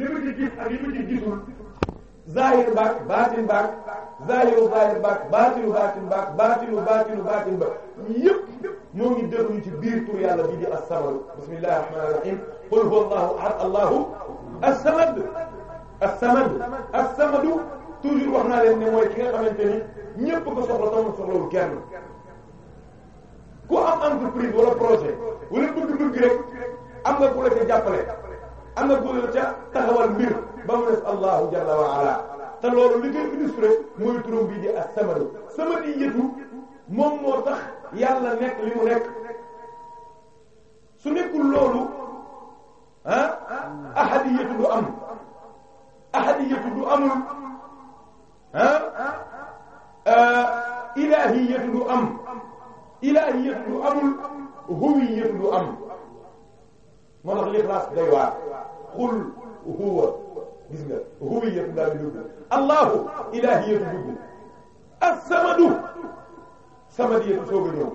li ma ci gis a li ma ci gisul zahir baak baatin baak zahiru zahir baak baatinu baatin baak baatinu baatinu baatin baak yëpp ngi déglu ci biir tur yàlla bi di as-samad bismillahi rahmaani rahim qul huwa allahu ahad allahu as-samad wax naa leen ne mooy ki nga xamante ni ñëpp ko soxla sama soxlawul kenn ku am entreprise wala projet wala bëgg-bëgg rek am nga ku la ca jàppale am na góor ca taxawal mbir ba mu des allahu jalla wa ala te loolu li koy illustré mooy turam bi di as-samadu samadi yëtu moom moo tax yàlla nekk li mu nekk su nekkul loolu ah ahadiyatu du am ahadiyatu du amul ah, ah ilahiyatu du am ilahiyatu du amul huwiyatu du am moo tax lixlaas day waar xul huwa gis nga huwiyatu daal di dugg allahu ilahiyatu dugg as-samadu samadiyatu soog a ñëw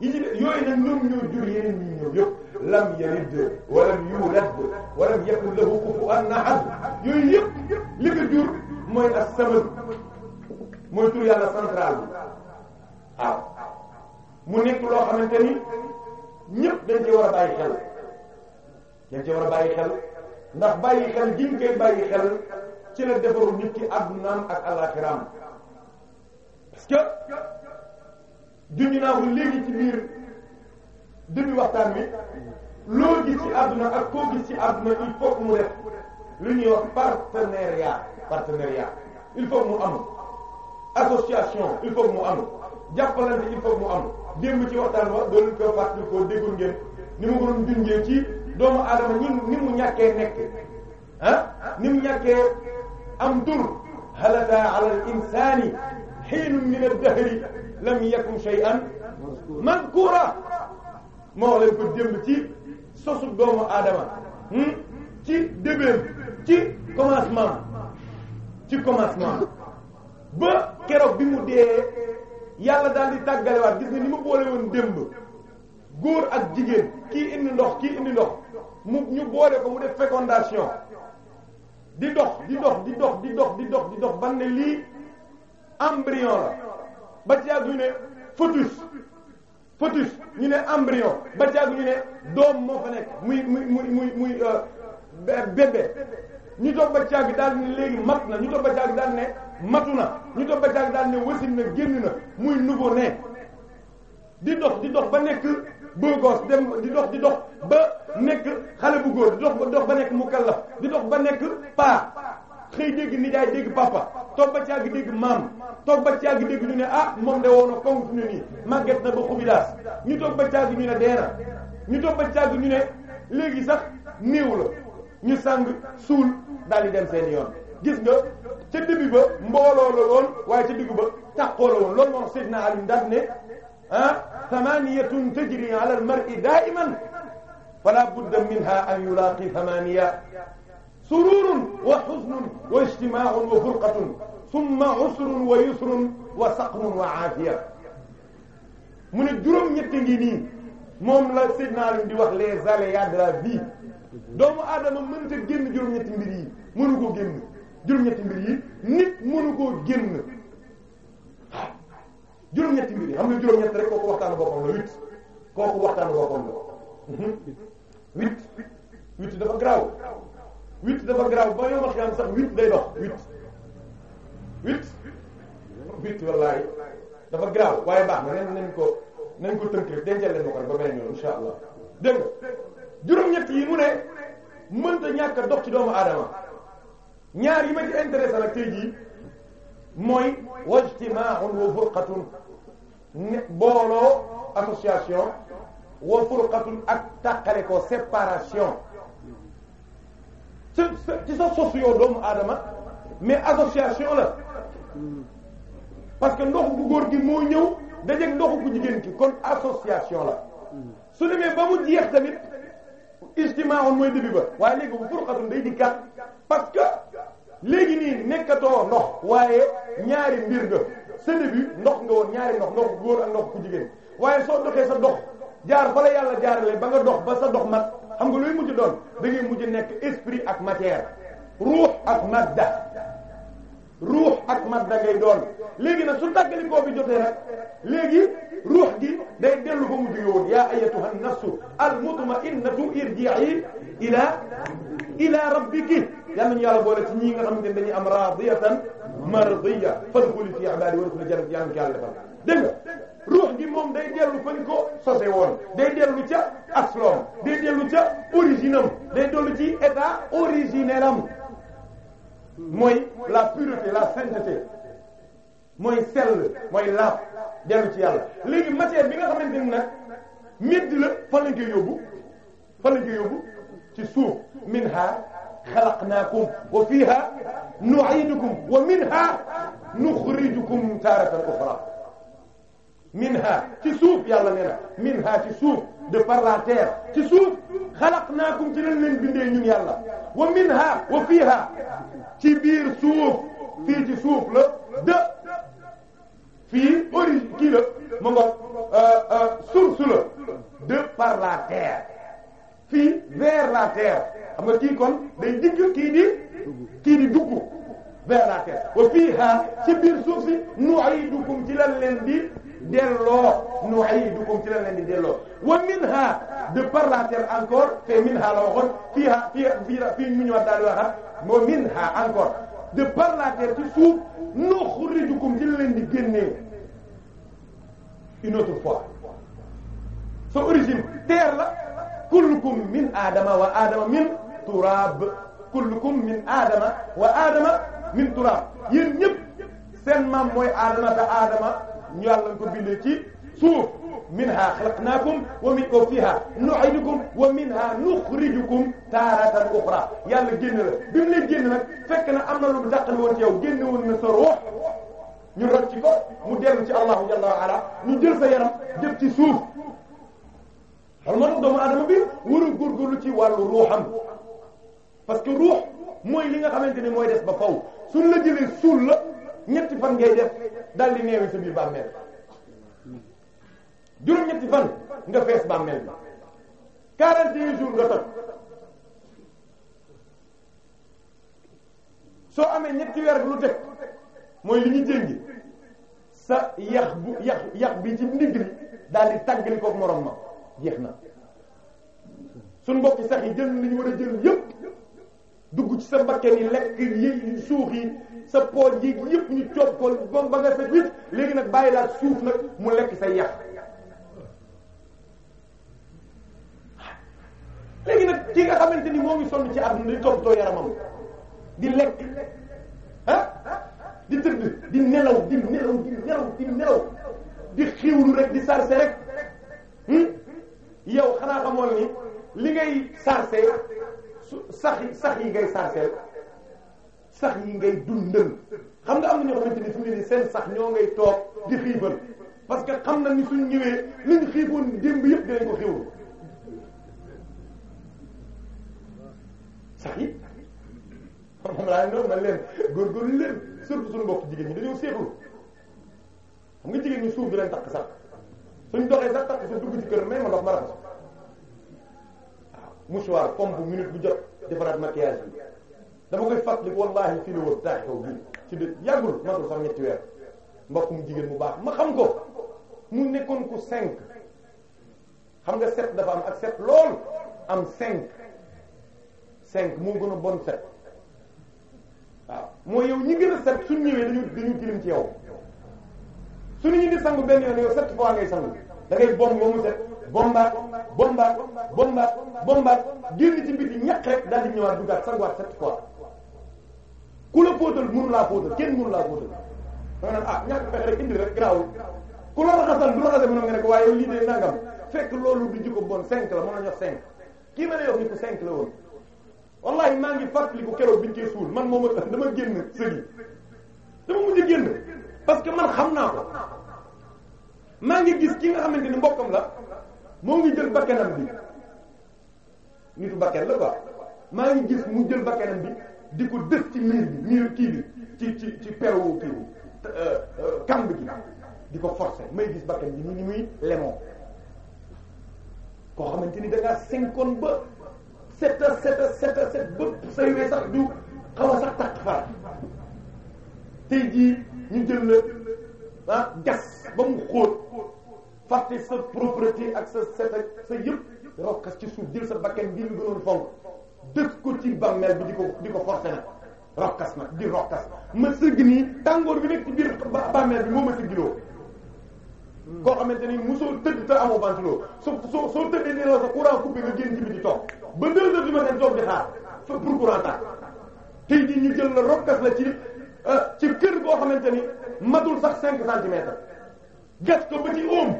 yi ci yooyu nag ñoom ñoo jur yeneen ñi ñëw yëpp lam yalid wa lam yulad wa lam yakun lahu kufuwan ahad yooyu yëpp li ko jur mooy as-samad mooy tur yàlla central bi waaw mu nekk loo xamante ni ñëpp dañ ci war a bàyyi xel dañ ci war a bàyyi xel ndax bàyyi xel gi ngay bàyyi xel ci la defaru nit ki addunaam ak alaxiraam parce que junj naa ko léegi ci biir demi waxtaan bi loo gis ci àdduna ak koo gis ci àdduna il faut mu def lu ñuy wax partenariat partenariat il faut mu am association il faut mu am jàppalante il faut que mu am démb ci waxtaan ba doon ko fàttali ko déggoon ngeen ni ma ko doon junjee ci. doomu aadama ñun ni mu ñàkkee nekk ah ni mu ñàkkee am dur halata ala al insani hiinun min ad-dahri lam yakun shay'an mazkura moo leen ko démb ci sosu doomu aadama hmm, ci début ci commencement ci commencement ba keroog bi mu dee yàlla daal di tàggalewaat gis nga ni mu boole woon démb góor ak jigéen kii indi ndox kii indi ndox mu ñu boole ko mu def fécondation di dox di dox di dox di dox di dox di dox ban ne lii embryon la ñu ne fœtus ba ci àgg moo fa nekk muy muy muy euh, ñu toog ba ci àgg daal na ñu toog ba ci àgg matu na ñu toog ba ci na muy nouveau-né di dox di dox ba nekk. beau gosse dem di dox di dox ba nekk xale bu góor di dox ba dox mu nekk mukallaf di dox ba nekk paa xëy dégg nijaay dégg papa toog ba caag dégg maam toog ba caag dégg ñu ne ah moom de woon na kongu ne nii màgget na ba xubidaas ñu toog ba caag ñu ne dee ñu toog ba caag ñu ne léegi sax néew la ñu sàng suul daal di dem seen yoon gis nga ca début ba mbooloo la woon waaye ca diggu ba taxoo la woon loolu moo wax Seydina Aliou daan ne ثمانية تجري على المرء دائما فلا بد منها أن يلاقي ثمانية سرور وحزن واجتماع وفرقة ثم عسر ويسر وسقم وعافية mu ne juróom ñett ngi nii moom la séddinaale di wax les aléas de la vie doomu aadama mënta génn juróom ñetti mbir yi mënu koo génn juróom ñetti mbir yi nit mënu koo génn. juróom-ñetti mbir yi xam nga juróom-ñett rek kooku waxtaanu boppam la huit kooku waxtaanu boppam la mhm. huit huit dafa garaaw huit dafa garaaw ba yow ma xam sax huit day dox huit huit huit wallaay dafa garaaw waaye baax na nen nañ ko nañ ko tënk rek dencal leen ma ko rek ba beneen yoon insha allah dégg nga ñett yi mu ne mënta ñàkk a dox ci doomu aadama ñaar yi ma ci intéressé nag tey jii mooy wajtimaa'un wa furqatun ne booloo association wa furqatun ak tàqale ko séparation ci ci sa socio doomu aadama mais association la parce que ndoxu bu góor gi moo ñëw dajeeg ndoxu bu jigéen ki kon association la su demee ba mu jeex tamit ijtimaa'un mooy début ba waaye léegi bu furqatun day dikkaat parce que léegi nii nekkatoo ndox waaye ñaari mbir nga sa début ndox nga woon ñaari ndox ndox góor ak ndox ku jigéen waaye soo doxee sa dox jaar fa la yàlla jaarale ba nga dox ba sa dox mat xam nga luy mujj doon da ngay mujj nekk esprit ak matière ruux ak madda ruux ak madda ngay doon léegi nag su tàggalikoo bi jotee rek léegi ruux gi day dellu ba mu jóge woon yaa ayyatuha an-nafsu al-mutma'innatu irji'i ila ila rabbiki yal nañu yàlla boole ci ñii nga xamante ne dañuy am radiyatan mardiya fadkhuli fi ibadi wa dkhuli jannati yàlla yàlla defal dégg nga ruux gi moom day dellu fañ ko sose woon day dellu ca asloom day dellu ca origine am day dellu ci état originel am mooy la pureté la sainteté mooy sell mooy laaf dellu ci yàlla léegi matière bi nga xamante ni nag médd la fan lañ koy yóbbu fan lañ koy yóbbu ci suuf min haar xalaqnaakum wa fiihaa nu'iidukum wa minhaa nuxrijukum taaratan uxraa minhaa ci suuf yàlla nee na minhaa ci suuf de par la terre ci suuf xalaqnaakum ci lañ leen bindee ñun yàlla wa minhaa wa fiihaa ci biir suuf fii ci suuf la de fii origine kii la ma ngoog euh، euh، source la de par la terre. fii vers la terre xam kii kon day digg kii di kii di dugg vers la terre wa fiiha ci biir suuf si nu'idukum ci lan leen di delloo nu'idukum ci lan leen delloo wa minha de par la terre encore te minha la waxoon fiiha fii fii fii mu ñëwaat daal di waxaat wa minha encore de par la terre ci suuf nukhrijukum ci lan leen di génnee une fois sa origine terre la kullukum min aadama wa aadama min turaab kullukum min aadama wa aadama min turaab yéen ñëpp seen maam mooy aadama te aadama ñu yàlla ko bindee ci suuf minha xalaqnaakum wa min o fiha nu'idukum wa minha nuxrijukum taaratan uxra yàlla génn la bi mu leen génn nag fekk na am na lu dàqal woon ci yow génn woon na sa ruux ñu rot ci ko mu dellu ci allahu jalla wa ala ñu jël sa yaram def ci suuf wala moo tax doomu aadama bi war a góorgóorlu ci wàllu ruuxam parce que ruux mooy li nga xamante ni mooy des ba faw suñ la jëlee suul la ñetti fan ngay def daal di neewi sa biir bàmmeel juróom-ñetti fan nga fees bàmmeel bi 41 jours nga toj soo amee ñetti weer lu teg mooy li ñu jéngi sa yax bu yax yax bi ci ndigri daal di tàggali kook moroom ma jeex na suñ mbokki sax yi jël li ñu war a jël yépp dugg ci sa mbakke ni lekk yi suuf yi sa pooj yi yépp ñu coob ko ba nga sa wit léegi nag bàyyi laa suuf nag mu lekk sa yàq léegi nag ki nga xamante ni moo ngi sonn ci àdduna di toppatoo yaramam di lekk ah di tëdd di nelaw di nelaw di nelaw di nelaw di xiiwlu rek di sarse rek hmm? yow xanaa xamoon ni li ngay sarceel sax yi sax yi ngay sarceel sax yi ngay dundal xam nga am na ñoo xamante ni fu mu seen sax ñoo ngay toog di xiibal parce que xam na ni suñ ñëwee liñ xiiboon démb yëpp dinañ ko xiiwul sax yi moom laa noonu man leen góorgóorlu leen surtout suñu mbokk jigéen ñi dañoo seexlu xam nga jigéen ñi suuf bi leen takk sax suñ doxee sax takk sa dugg ci kër may ma ndox ma rab waaw mouchoir comme bu minute bu jot defaraat maquillage bi dama koy fàttali wallaahi fi la woon taay kaw bi ci dé yàggul matul sax ñetti weer jigéen bu baax ma xam ko mu nekkoon ko cinq xam nga set dafa am ak set lool am cinq cinq moo gën a bon set waaw mooy yow ñi gën a set suñ ñëwee dañu dañu ci yow su nit ñi di sangu benn yoon yow sept fois ngay sangu da bomb ba set bombaat bombaat bombaat bombaat génn ci mbir yi rek daal di ñëwaat duggaat sanguwaat sept fois ku la póotal mënu laa póotal kenn mënu laa póotal da nga ah ñàkk fexe rek indi rek garaawul ku la raxasal du raxasal mën nga ne ko waaye lii de nangam fekk loolu du jikko bon cinq la mën na ñox cinq kii ma lay wax ni ko la woon wallahi maa ngi fàttaliku keroog biñ koy suul man parce que man xam naa ko maa ngi gis ki nga xamante ni mbokkam la moo ngi jël bakkanam bi nitu bakkan la quoi maa ngi gis mu jël bakkanam bi di ko dës ci miir bi miiru kii ci ci ci peru kii euh, euh, kamb gi di ko forcer may gis bakkan bi ni muy lemoon koo xamante ni da ngaa cinquante ba sept à sept à sept à sept ba say we sax du xaw sax takk fara tey jii ñu jël la ah gas ba mu xóot fàtte sa propreté ak sa set ak sa yëpp rokkas ci suuf jël sa bakkan bi mu gënoon fonk dëkk ko ci bammeel bi di ko di ko forcé nag rokkas di rokkas ma sëgg nii tàngoor bi nekk ci biir bammeel bi moo ma sëggiloo koo xamante ni mosoo tëdd te amoo bantiloo soo soo soo tëddee nee la sa courant coupé nga génn ci bi di toog ba deux heures du matin toog di xaar pour courant tax tey jii ñu jël la rokkas la ci Euh, ci kër boo xamante ni matul sax cinq centimètres gas ko ba ci óom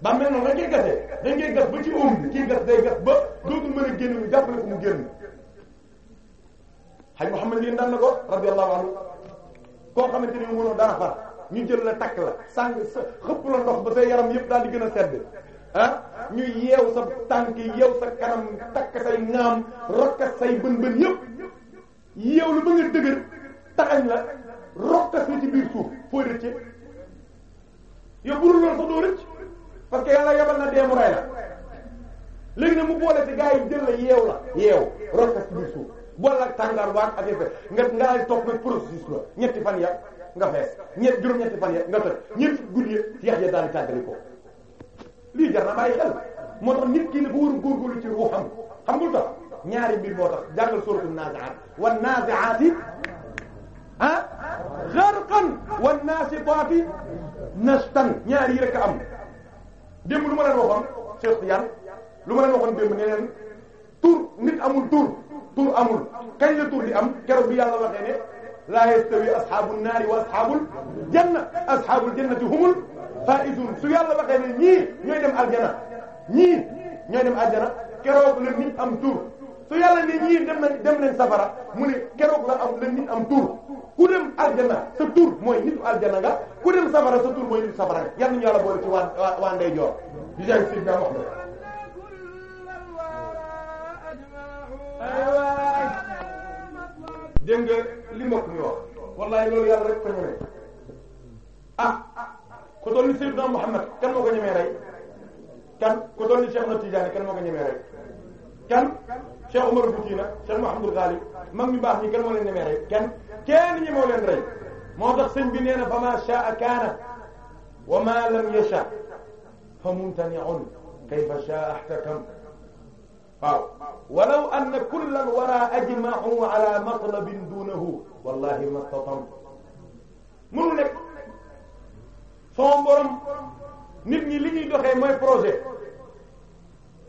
ba mel noonu dañ koy gasee dañ koy gas ba ci óom kii gas day gas ba dootul mën a génn ñu jàppale ko mu génn xay Muhammad lii daan na ko radiyallahu anhu koo xamante ni mu mënoo dara far ñu jël la takk la sàng xëpp la ndox ba sa yaram yëpp daal di gën a sedd ah ñu yeew sa tànk yeew sa kanam takk say ngaam rakkat say bën bën yëpp yeew lu ba dëgër taxañ la rokkas la ci biir suuf foo rëcce yow burul loolu sax doo rëcc parce que yàlla yabal na deemu ray la léegi ne mu boole ci gaa yi jël la yeew la yeew rokkas ci biir suuf boole ak tàngaar waat ak effet nga ngaa toog nag processus la ñetti fan ya nga fees juróom-ñetti fan ya nga toj ñetti guddi yax ya daal tàggali ko lii jar na xel moo tax nit ki dafa war a góorgóorlu ci ruuxam xam nga tax ñaari mbir moo tax jàngal suratul ah xarqan wan naasitaati nastan ñaar yi rek a am démb lu ma leen waxoon Cheikh Tidiane lu ma leen waxoon démb ne leen tur nit amul tur tur amul kañ la tur di am keroog bi yàlla waxee ne laa yastawi asxaabul naari wa asxaabul janna asxaabul jannati humul faizun su yàlla waxee ne ñii ñooy dem aljana ñii ñooy dem aljana keroog la nit am tur su yàlla ne ñii dem nañ dem leen safara mu ne keroog la am la nit am tur ku dem aljana sa tur mooy nitu aljana nga ku dem safara sa tur mooy nitu safara nga yan ñu yàlla boole ci waa waa joor di jaay si nga li mbokk mi wallahi loolu yàlla rek ko ñemee ah ko doon ni Muhammad kan moo ko ñemee rey ko doon ni Cheikh na Tidiane moo ko ñemee rey Cheikh Omar Fouti nag Cheikh Mouhamadou Ghalib mag ñu baax ñi kenn moo leen ñemee rey kenn kenn ñi moo leen rey moo tax sëñ bi nee na fa ma sha'a kaana wa ma lam yasha fa mumtani'un kayfa sha'a ihtakam waaw walaw anna kullan wara ajma'u ala matlabin dunahu wallahi mastatam mënu nekk son borom nit ñi li ñuy doxee mooy projet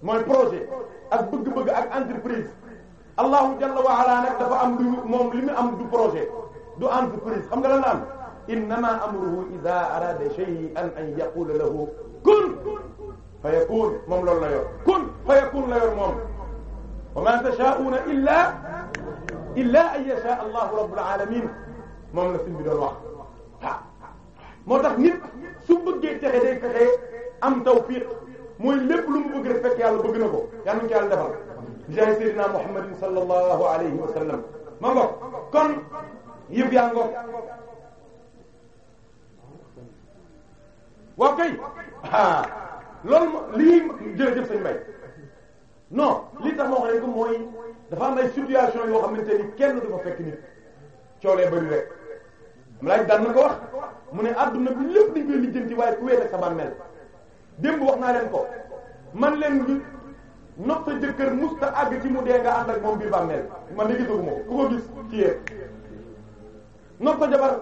mooy projet ak bëgg-bëgg ak entreprise allahu jalla wa ala nag dafa am lu moom li am du projet du entreprise xam nga la am innama amruhu idha arada shay'an an yaqula lahu kun fa yakun moom loolu la yor kun fa yakun la yor moom wa ma an yasha allahu rabbul alamin moom la suñ bi doon moo tax nit su bëggee texe day fexe am tawfiq mooy lépp lu mu bëgg rek fekk yàlla bëgg na ko yàlla nañu ko yàlla defal jaay sayyidina muhammadin sallallahu alayhi wa sallam ma kon yëpp yaa ngoog waaw kay ah lii jërëjëf sañ mbay non li tax ma wax leen mooy dafa am ay situation yoo xamante ni kenn du fa fekk nit coolee bari rek am laaj daan na ko wax mu ne adduna bi lépp dañ koy lijjanti waaye ku wéet ak sa démb wax naa leen ko man leen ngi nopp sa jëkkër musta àgg ci mu dee nga ànd ak moom biir bàmmeel man de gisagu ma ku ko gis ci yéen nopp sa jabar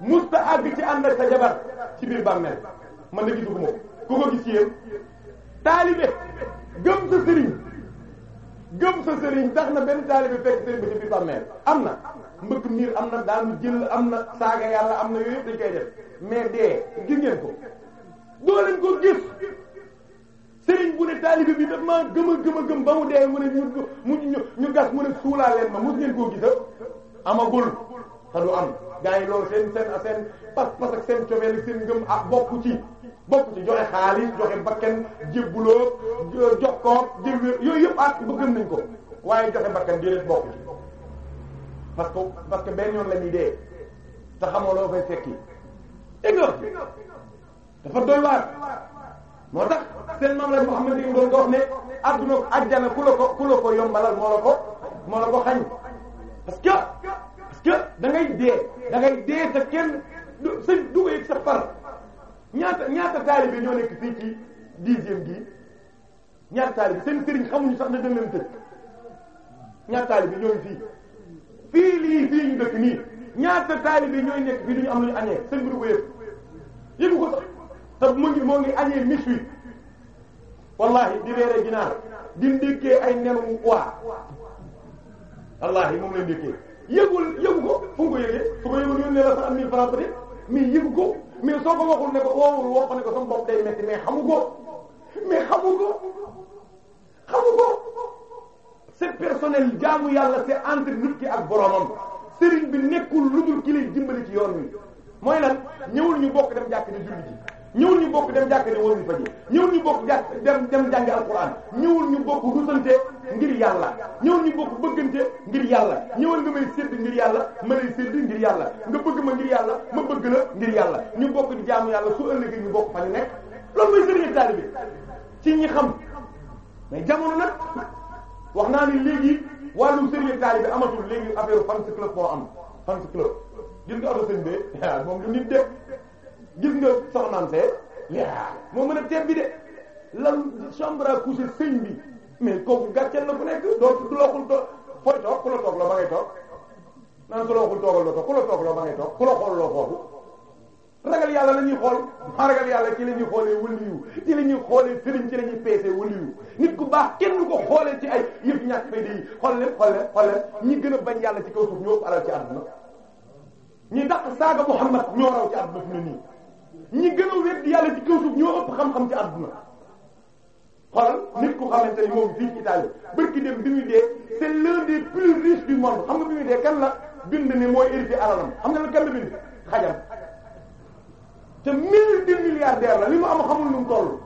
musta àgg ci ànd ak sa jabar ci biir bàmmeel man de gisagu ma ku ko gis ci yéen taalibe gëm sa sëriñ gëm sa sëriñ tax na benn taalibe fekk sëriñ ba ci biir bàmmeel am na mbëkk miir am na daanu jël am na saaga yàlla am na yooyu yëpp dañ koy def mais dee gis ko doo lañ ko gis sëriñ bu ne taalibe bi daf maa gëm a gëm a gëm ba mu dee mu ne ñu mu ñu gas mu ne suulaa leen mu mos ngeen koo gisa ah? amagul te du am gars yi loolu seen seen seen pas pas ak seen cofeel seen ngëm ah bokku ci bokku ci joxe xaalis joxe bakken jébbuloo jox ko jël yooyu yëpp ah ba gëm nañ ko waaye joxe bakken di leen bokku ci parce que parce que benn yoon la ñuy dee te xamoo loo fay fekki énor dafa doy waar moo tax seen maam la Muhammad yi doon ko wax ne adduna ajjana ku la ko ku la ko yombalal moo la ko moo la ko xañ parce que parce que da ngay dee da ngay dee te kenn du sa dugg yëg sa par ñaata ñaata taalibe ñoo nekk fii ci dixième gi ñaata taalibe seen sëriñ xamuñu sax ne dañ leen tëj ñaata taalibe ñooy fii fii lii fii ñu dëkk nii ñaata taalibe ñooy nekk fii duñu am lu ñu añee seen groupe yëpp yëgu ko sax te mu ngi moo ngi añee miswi wallahi di reere ginaar di ndékkee ay nenu waa wallahi moom la ndékkee yëgul yëgu ko fu nga ko yëgee su ko yëgul yónnee la sa am mille francs peut-être yëgu ko mais soo ko waxul ne ko woowul woo ko ne ko sama bopp day metti mais xamu ko mais xamu ko xamu ko c'est personnel jaamu yàlla c'est entre nit ki ak boromam sëriñ bi nekkul lu dul ki lay dimbali ci yoon wi mooy lan ñëwul ñu bokk dem jàkk di julli ji ñëwul ñu bokk dem jàkk dem wala fa ñëwul ñu bokk jàkk dem dem jàngi alquran ñëwul ñu bokk rusante ngir yàlla ñëwul ñu bokk bëggante ngir yàlla ñëwal nga may sédd ngir yàlla ma lay sédd ngir yàlla nga bëgg ma ngir yàlla ma bëgg la ngir yàlla ñu bokk di jaamu yàlla su ëllëgee ñu bokk fa ñu nekk loolu mooy sëriñ taalibe ci ñi xam mais jamono nag wax naa ni léegi wàllu sëriñ taalibe amatul léegi affaire fan club moo am fan club gis nga ado sëñ bee gis nga soxnaam see yaa moo mën a teeb bi de lan chambre à coucher sëñ bi mais kooku gàcceel na ku nekk doo du looxul toog fooy toog ku la toog loo ba toog ku la toog loo ba ngay toog ku la xool loo foofu ragal yàlla la ñuy xool maa ragal yàlla ci la ñuy xoolee wëliyu ci la ñuy xoolee sëriñ ci la ñuy peesee wëliyu nit ku baax kenn du ko xoolee ci ay yëf ñàkk fay di xool leen xool leen xool ñi gën a bañ yàlla ci kaw suuf ñoo ëpp alal ci àdduna ñi daq saaga Muhammad ñoo raw ci àdduna fi ñi gën a wedd yàlla ci kaw suuf ñoo ëpp xam-xam ci àdduna xoolal nit ku xamante ni moom fii ci Italie barki dem bi ñu dee c'est l'un de plus riches du monde xam nga bi muy dee kan la bind ni mooy hérité alalam xam nga la kan la bind xajam te mille de milliardaire la li mu am xamul nu mu toll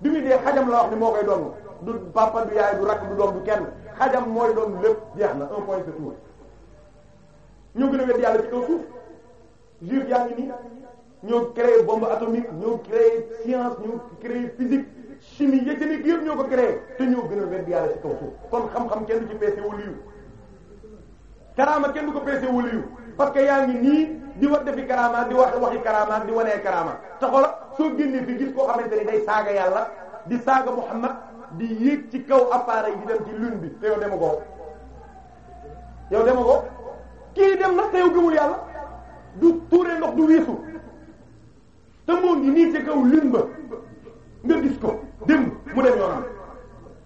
bi muy dee xajam la wax ni moo koy doon du papa du yaay du rakk du doom du kenn xajam mooy doon lépp jeex na un point c'est tout ñoo gën a wedd yàlla ci kaw suuf ñoo créé bombe atomique ñoo créé science ñoo créé physique chimie yëg yëg yëpp ñoo ko créé te ñoo gën a wedd yàlla ci kaw suuf kon xam-xam kenn du ci peese waliyu karaama kenn du ko peese waliyu parce que yaa ngi nii di war defi karaama di wax waxi karaama di wanee karaama te xoola soo génnee fi gis koo xamante ni day saaga yàlla di saaga Muhammad di yéeg ci kaw appareil di dem ci lune bi te yow dema ko yow dema te moo ngi nii ci kaw lune ba nga gis ko démb mu dem yoonam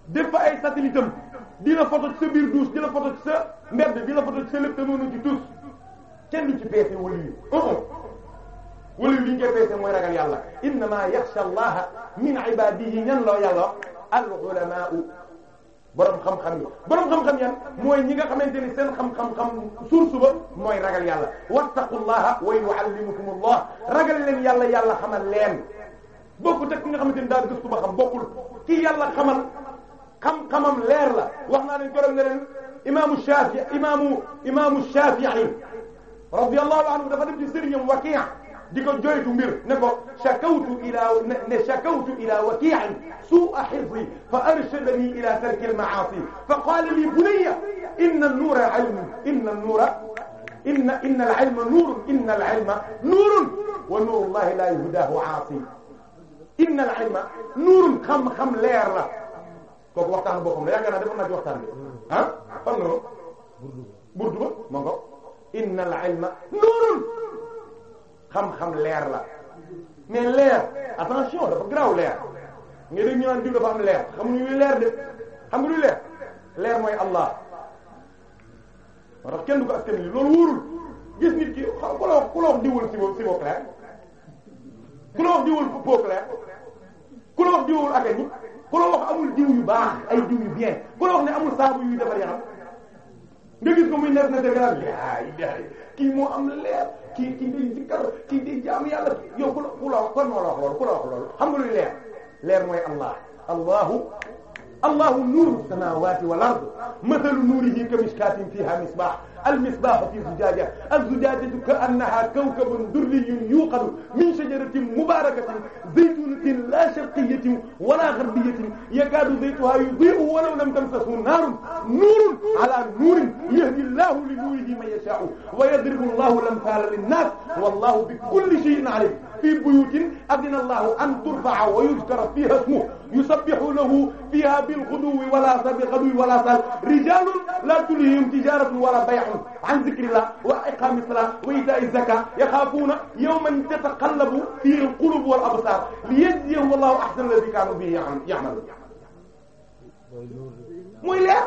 def fa ay satellite am dina photo ci sa biir douche dina photo ci sa mbedd dina photo ci sa lépp te noonu ci tous kenn du ci peese wala yu oh, oh. wala yu li ñu koy peese mooy ragal yàlla innama yaxsha allaha min ibadihi ñan loo yàlla al ulama borom xam-xam yi borom xam-xam yan mooy ñi nga xamante ni seen xam-xam-xam source ba mooy ragal yàlla wattaqullaha wa yuallimukumullah ragal leen yàlla yàlla xamal leen bokkut ak ki nga xamante ni daa gëstu ba xam bokkul ki yàlla xamal xam-xamam leer la wax naa leen gërëm ne leen imaamu u imaamu imaamu Shaafi'i radiyallahu anhu dafa dem ci sëriñam Waki' di ko joytu mbir ne ko shakawtu ila ne shakawtu ila waki'in su'a hifzi fa arshadani ila tarki al-ma'asi fa qala li bunayya inna an-nura 'ilmun inna an-nura inna inna al-'ilma nurun inna al-'ilma nurun wa nuru Allahi la yuhdahu 'asi inna al-'ilma nurun xam-xam leer la kooku waxtaan boo xam ne yaakaar naa defoon naa ci waxtaan bi ah fan nga ko burdu ba ma ko inna al-'ilma nurun xam-xam leer la mais leer attention dafa graw leer nga dégg ñu naan diw dafa am leer xamuñu luy leer de xam nga luy leer leer mooy Allah moo tax kenn du ko askan wi loolu wóorul gis nit ki xam ku la wax ku la wax diwul si moom si moom clair ku la wax diwul foo clair ku la wax diwul ak ñi ku la wax amul diw yu baax ay diw yu bien ku la wax ne amul saabu yuy defar yaram nga gis ko muy nekk na dëgg la kii moo am leer. kii kii day zikkar kii day jaamu yàlla yow ku la ku la kon moo la wax loolu ku la wax loolu xam nga luy leer leer mooy allah allahu allahu nuuru samawati wal ard mathalu nuurihi kamishkatin fiha misbah المصباح في زجاجة الزجاجة كأنها كوكب دري يوقد من شجرة مباركة زيتونة لا شرقية ولا غربية يكاد زيتها يضيء ولو لم تمسسه نار نور على نور يهدي الله لنوره من يشاء ويضرب الله الأمثال للناس والله بكل شيء عليم في بيوت أذن الله أن ترفع ويذكر فيها اسمه يسبح له فيها بالغدو ولا بغدو ولا صال رجال لا تلهيهم تجارة ولا بيع ينقطعون عن ذكر الله وإقام الصلاة وإيتاء الزكاة يخافون يوما تتقلب فيه القلوب والأبصار ليجزيهم الله أحسن الذي كانوا به يعملون mooy leer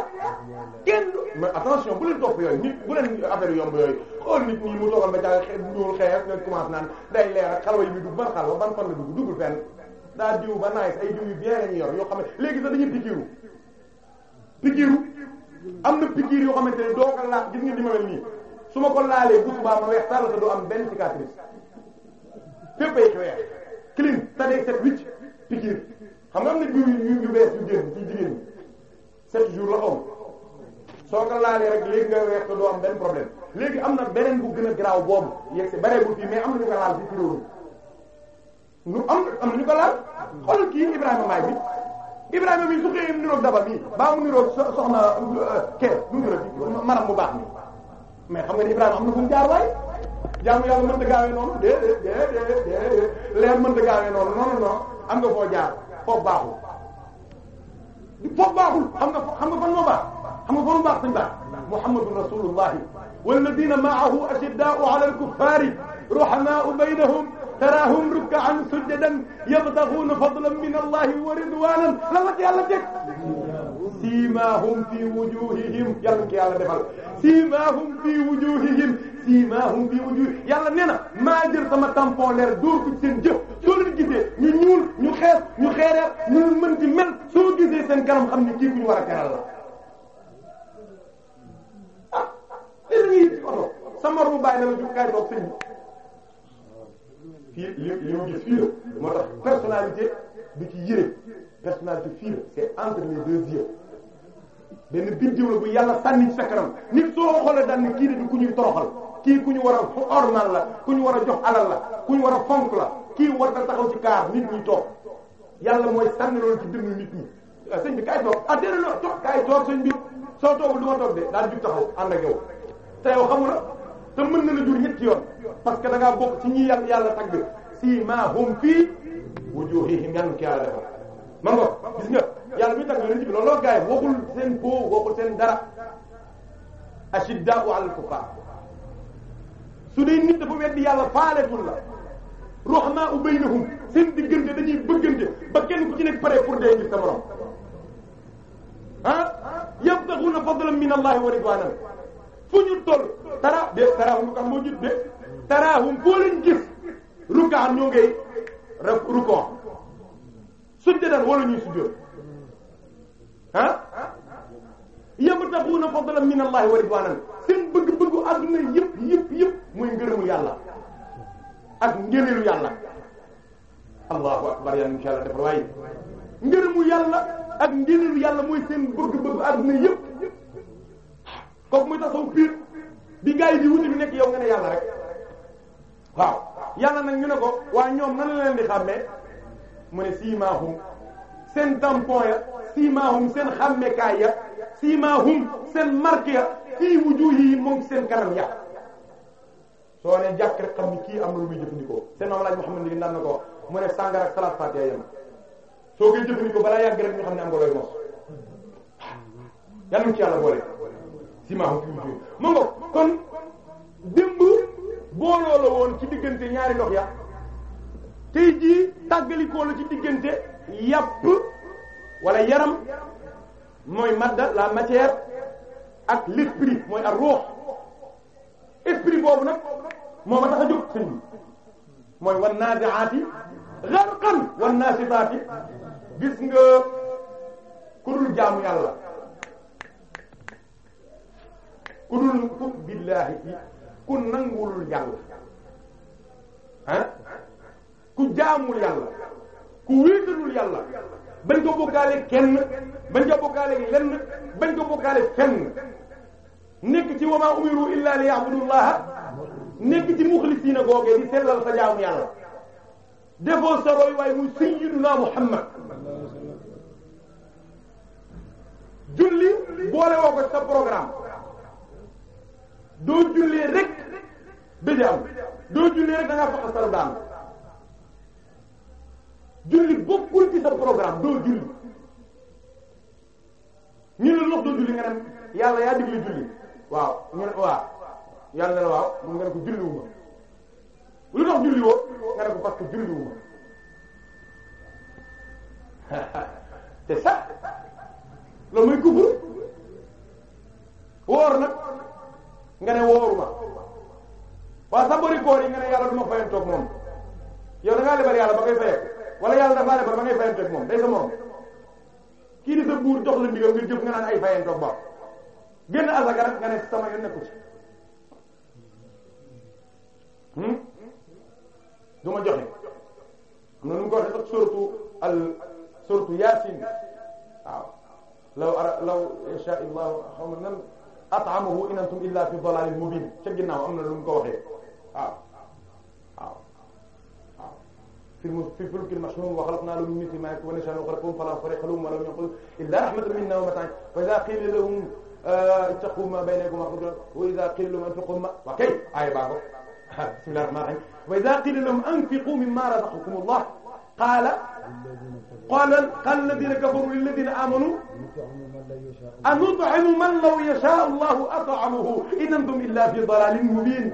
kenn mais attention bu leen topp yooyu nit bu leen affaire yomb yooyu xool nit ñi mu toogal ba jaay xeet ñuul xeex nga commencé naan day leer ak xalwa yi muy dugg ban xalwa ban fan la dugg duggul fenn daa diw ba naaj ay diw yu bien la ñuy yor yoo xam ne léegi sax dañuy pikiru pikiru am na piqûre yoo xamante ne doo ko laal gis nga ni ma nii su ma ko laalee bu subaa ma weex tàll te doo am benn cicatrice fépp ay xeer clean c'est-à-dire set wicc piqûre xam nga am na jiw yu yu bees yu génn ci jigéen ñi sept jours la om soo ka laalee rek léegi nga weex te doo am benn problème léegi am na beneen bu gën a garaaw boobu yegg si bareegul fii mais am na ñu ko laal fii am am na ko laal xoolal kii Ibrahima Mbaye bi Ibrahima mi su xëyee mu niroog daba bi baa mu niroog soxna euh, kee mu niroog maram bu baax ni mais xam nga ni Ibrahima am na fu mu jaar waaye jaamu yàlla mënta gaawee noonu déedéet déedéet déedéet leer mënta gaawee noonu noonu non am nga foo jaar foofu baaxul foofu baaxul xam nga xam nga fan moo baax xam nga fan baax suñu baax Muhammadur Rasulullah walladina ma'ahu ashidda'u 'ala al-kuffari ruhamaa'u baynahum taraahum rukkaan sujjadan yabtaxuuna fadlan min allahi wa ridwanan lan la ci yàlla teg siimaahum fi wujuhihim yàlla ci yàlla defal siimaahum fi wujuhihim siimaahum fi wujuhihim yàlla nee na maa jël sama tampon leer dóor ko ci seen jëf soo leen gisee ñu ñuul ñu xees ñu xeereer ñu mën ci mel soo gisee seen kanam xam ne kii ku ñu war a teral la ah lii la ñuy sama ru bàyyi na la jug kaay toog sëñ fii li li mu gis fii la moo tax personnalité du ci yére personnalité fii la c'est entre les deux yeux benn biddiw la bu yàlla sànni ci sa kanam nit soo xoolee daan ne kii de du ku ñuy toroxal kii ku ñu war a ormal la ku ñu war a jox alal la ku ñu war a fonk la kii war da taxaw ci kaar nit ñi toog yàlla mooy sànni loolu ci dënnu nit ñi sëñ bi kaay a ah déedéet loo toog kaay toog sëñ bi soo toogul lu ma toog de daal di taxaw ànd ak yow te yow xamula te mën na la jur ñetti yoon parce que da ngaa bokk ci ñi yàlla yàlla tagg simaahum fii wujuuhihim yankaar man ko gis nga yàlla muy tagg yonent bi looloo gaay waxul seen koo waxul seen dara ashiddaa'u alal kuffaar su dee nit dafa weddi yàlla faaletul la ruhamaa'u baynahum seen diggante dañuy bëggante ba kenn ku ci nekk pare pour dee ngir sa morom ah yabtaghuna fadlan min allahi wa ridwanan fu ñu toll tara de taraahum rukaan moo jiit de taraahum boo leen gis rukaan ñoo ngay ref rukaan sujjadan wala ñuy sujjoon ah yabtaghuna fadlan min allahi wa ridwanan seen bëgg-bëggu adduna yëpp yëpp yëpp muy ngërëmu yàlla ak ngëneelu yàlla ak ngëneelu yàlla mooy seen bëgg-bëggu adduna yëpp kooku muy tasawuf piir bi gars di wuti bi nekk yow nga ne yàlla rek waaw yàlla nag ñu ne ko waa ñoom nan la leen di xàmmee mu ne siimaahum seen tampon ya siimaahum seen xàmmekaay ya siimaahum seen marque ya fii wujuuhihim moom seen kanam ya soo ne jàkk xam ni kii am lu muy jëfandikoo seen moom laaj Muhammad li naan na ko mu ne sàngar ak salaat fatiha yam soo koy jëfandikoo balaa yàgg rek ñu xam ne am nga looy mos yàlla mu ci yàlla boole simahu fi wujuh ma kon démb booloo woon ci diggante ñaari ndox ya tey jii tàggalikoo la ci diggante yàpp wala yaram mooy madda la matière ak l'esprit mooy ak ruux esprit boobu nag moo ma tax a jóg sëñ bi mooy wan nazi'ati gharqan wan nasitati gis nga kurul jaamu yàlla ku dul ku billaahi ku nanguwul yàlla ah ku jaamul yàlla ku wéetalul yàlla bañ ko bokkaale kenn bañ ko bokkaale lenn bañ ko bokkaale fenn nekk ci wama umiru illa li ya'budullaha nekk ci muxlisiina googee di sellal sa jaamu yàlla defoo sa roy waaye muy sayyiduna muhammad julli boole woo ko sa programme doo jullee rek bëjee am doo jullee rek da ngaa faqa salu daan julli bokkul ci sa programme doo julli ñu ne lox doo julli nga dem yàlla yaa digle julli waaw ñu ne yàlla la waaw mu nga ne ko julliwuma lu tax julli woo nga ne ko parce que julliwuma c'est ça loolu mooy kufur woor nag nga ne wóoruma waaw sa bëri góor yi nga ne yàlla du moom yow da ngaa lebal yàlla ba ngay fayee wala yàlla dafa lebal ba ngay fayantoog moom day sa kii di sa buur dox la ndigal nga jëf nga naan ay fayantoog ba génn asaka rek nga ne sama yoon nekku ci hmm? du ma joxe am na nu mu ko waxee sax surtout al law ara law insha allah xaw ma nan at'amahu in antum illa fi dalalin mubin ca ginnaaw am na lu mu ko waxee waaw waaw waaw fi mu fi fulkil mashhun wa khalaqna lahum min mithli ma yakubu nasha'u nughriqhum fala sarikha lahum wa lam yanqulu illa rahmatan minna wa mata'an uh, wa idha qila lahum ittaqu ma bayna yadaykum wa idha qila lahum anfiqu ma wa kay ay baako bismillahir rahmanir rahim wa idha qila lahum anfiqu mimma razaqakum Allah qaala xoolal qaala alladina kafaru lilladina amanu a nut'imu man law yashaa Allahu at'amahu in antum illaa fi dalaalin mubiin